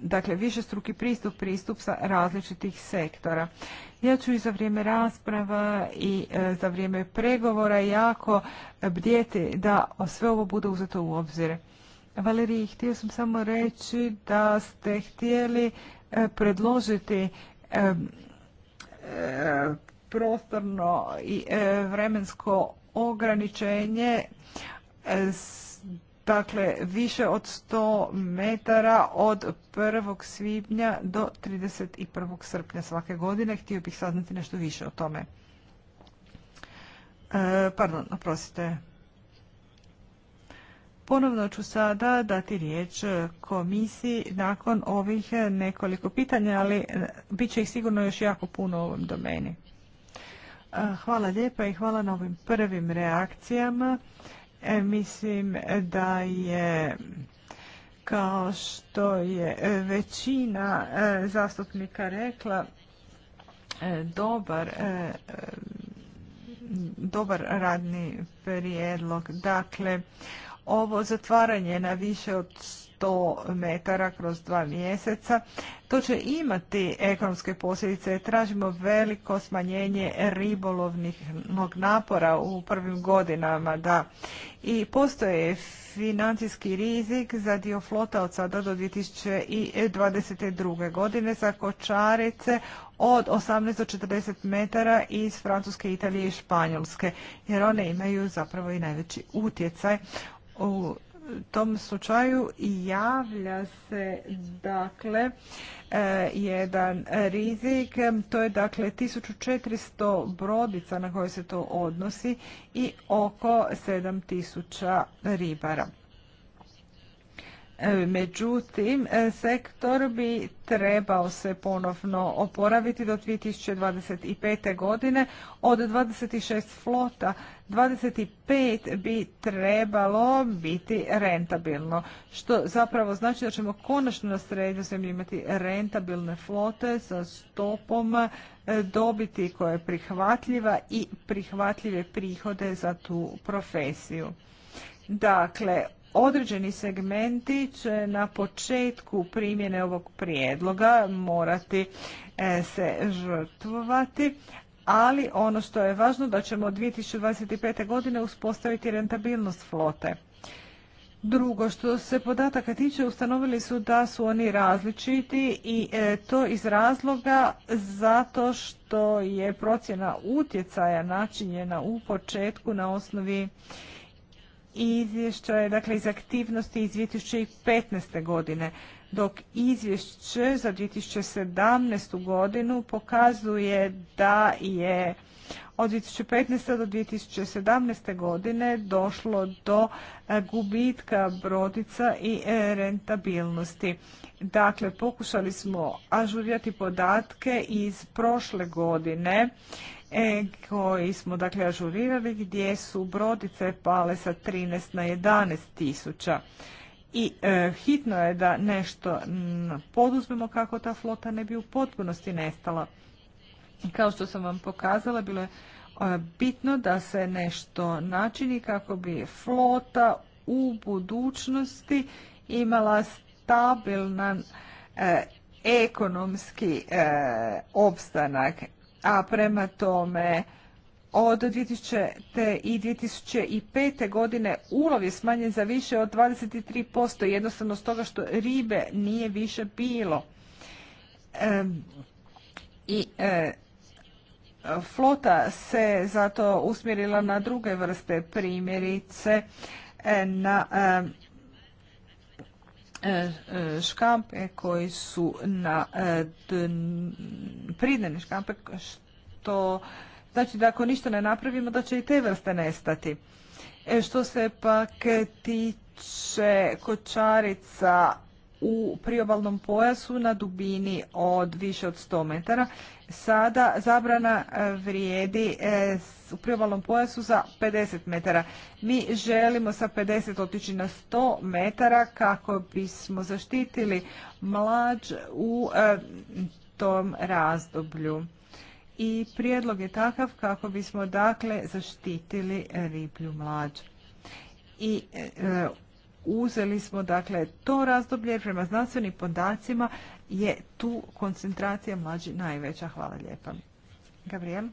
dakle višestruki pristup, pristup sa različitih sektora. Ja ću i za vrijeme rasprava i za vrijeme pregovora jako bdjeti da sve ovo bude uzeto u obzir. Valeriji, htio sam samo reći da ste htjeli e, predložiti e, e, prostorno i vremensko ograničenje dakle više od 100 metara od 1. svibnja do 31. srpnja svake godine. Htio bih saznati nešto više o tome. pardon, oprostite. Ponovno ću sada dati riječ komisiji nakon ovih nekoliko pitanja, ali e, bit će ih sigurno još jako puno u ovom domeni. E, hvala lijepa i hvala na ovim prvim reakcijama. E, mislim da je kao što je većina zastupnika rekla dobar dobar radni prijedlog. Dakle, ovo zatvaranje na više od 100 metara kroz dva mjeseca. To će imati ekonomske posljedice. Tražimo veliko smanjenje ribolovnih napora u prvim godinama. Da. I postoje financijski rizik za dio flota od sada do 2022. godine za kočarice od 18 do 40 metara iz Francuske, Italije i Španjolske, jer one imaju zapravo i najveći utjecaj u tom slučaju javlja se dakle e, jedan rizik, to je dakle 1400 brodica na koje se to odnosi i oko 7000 ribara. Međutim, sektor bi trebao se ponovno oporaviti do 2025. godine. Od 26 flota, 25 bi trebalo biti rentabilno, što zapravo znači da ćemo konačno na imati rentabilne flote sa stopom dobiti koja je prihvatljiva i prihvatljive prihode za tu profesiju. Dakle, određeni segmenti će na početku primjene ovog prijedloga morati e, se žrtvovati, ali ono što je važno da ćemo od 2025. godine uspostaviti rentabilnost flote. Drugo, što se podataka tiče, ustanovili su da su oni različiti i e, to iz razloga zato što je procjena utjecaja načinjena u početku na osnovi izvješća je dakle iz aktivnosti iz 2015. godine, dok izvješće za 2017. godinu pokazuje da je od 2015. do 2017. godine došlo do e, gubitka brodica i e, rentabilnosti. Dakle, pokušali smo ažurirati podatke iz prošle godine e, koji smo dakle ažurirali gdje su brodice pale sa 13 na 11 tisuća. I e, hitno je da nešto poduzmemo kako ta flota ne bi u potpunosti nestala. Kao što sam vam pokazala, bilo je e, bitno da se nešto načini kako bi flota u budućnosti imala stabilan e, ekonomski e, opstanak a prema tome od 2000. i 2005. godine ulov je smanjen za više od 23%, jednostavno stoga što ribe nije više bilo. I e, flota se zato usmjerila na druge vrste primjerice e, na E, e, škampe koji su na e, pridnene škampe što znači da ako ništa ne napravimo da će i te vrste nestati. što se pak tiče kočarica u priobalnom pojasu na dubini od više od 100 metara, Sada zabrana e, vrijedi e, u priobalnom pojasu za 50 metara. Mi želimo sa 50 otići na 100 metara kako bismo zaštitili mlađ u e, tom razdoblju. I prijedlog je takav kako bismo dakle zaštitili riblju mlađ. I uzeli smo dakle to razdoblje prema znanstvenim podacima je tu koncentracija mlađi najveća. Hvala lijepa. Gabriel?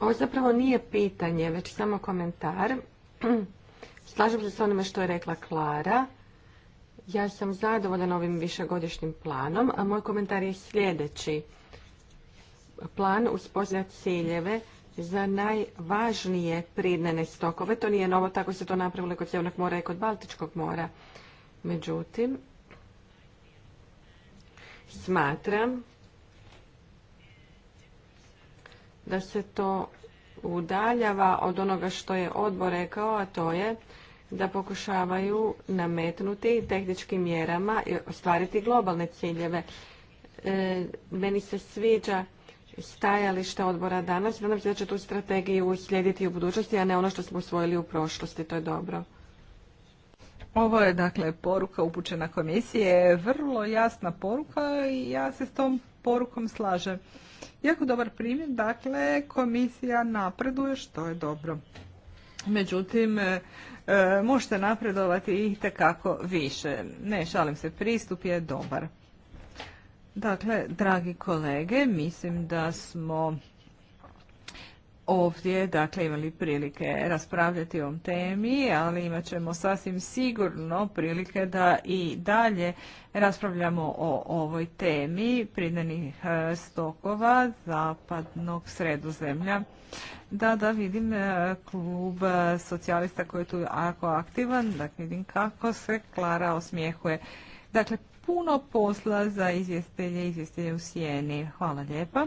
Ovo zapravo nije pitanje, već samo komentar. Slažem se s onime što je rekla Klara. Ja sam zadovoljan ovim višegodišnjim planom, a moj komentar je sljedeći. Plan uspostavlja ciljeve za najvažnije pridnene stokove. To nije novo, tako se to napravilo kod Sjevnog mora i kod Baltičkog mora. Međutim, smatram da se to udaljava od onoga što je odbor rekao, a to je da pokušavaju nametnuti tehničkim mjerama i ostvariti globalne ciljeve. E, meni se sviđa stajališta odbora danas. Nadam se da će tu strategiju uslijediti u budućnosti, a ne ono što smo usvojili u prošlosti. To je dobro. Ovo je dakle poruka upućena komisije, vrlo jasna poruka i ja se s tom porukom slažem. Jako dobar primjer, dakle komisija napreduje što je dobro. Međutim, e, e, možete napredovati i tekako više. Ne, šalim se, pristup je dobar. Dakle, dragi kolege, mislim da smo ovdje dakle, imali prilike raspravljati o ovom temi, ali imat ćemo sasvim sigurno prilike da i dalje raspravljamo o ovoj temi pridanih e, stokova zapadnog sredozemlja. Da, da, vidim e, klub socijalista koji je tu jako aktivan, da vidim kako se Klara osmijehuje. Dakle, puno posla za izvjestelje i izvjestelje u sjeni Hvala lijepa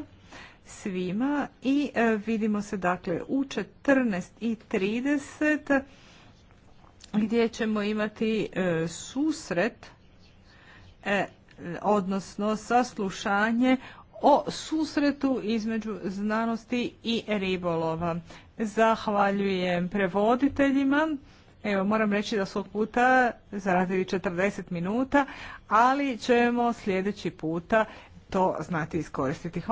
svima i e, vidimo se dakle u 14.30 gdje ćemo imati e, susret e, odnosno saslušanje o susretu između znanosti i ribolova. Zahvaljujem prevoditeljima. Evo, moram reći da svog puta zaradili 40 minuta, ali ćemo sljedeći puta to znati iskoristiti. Hvala.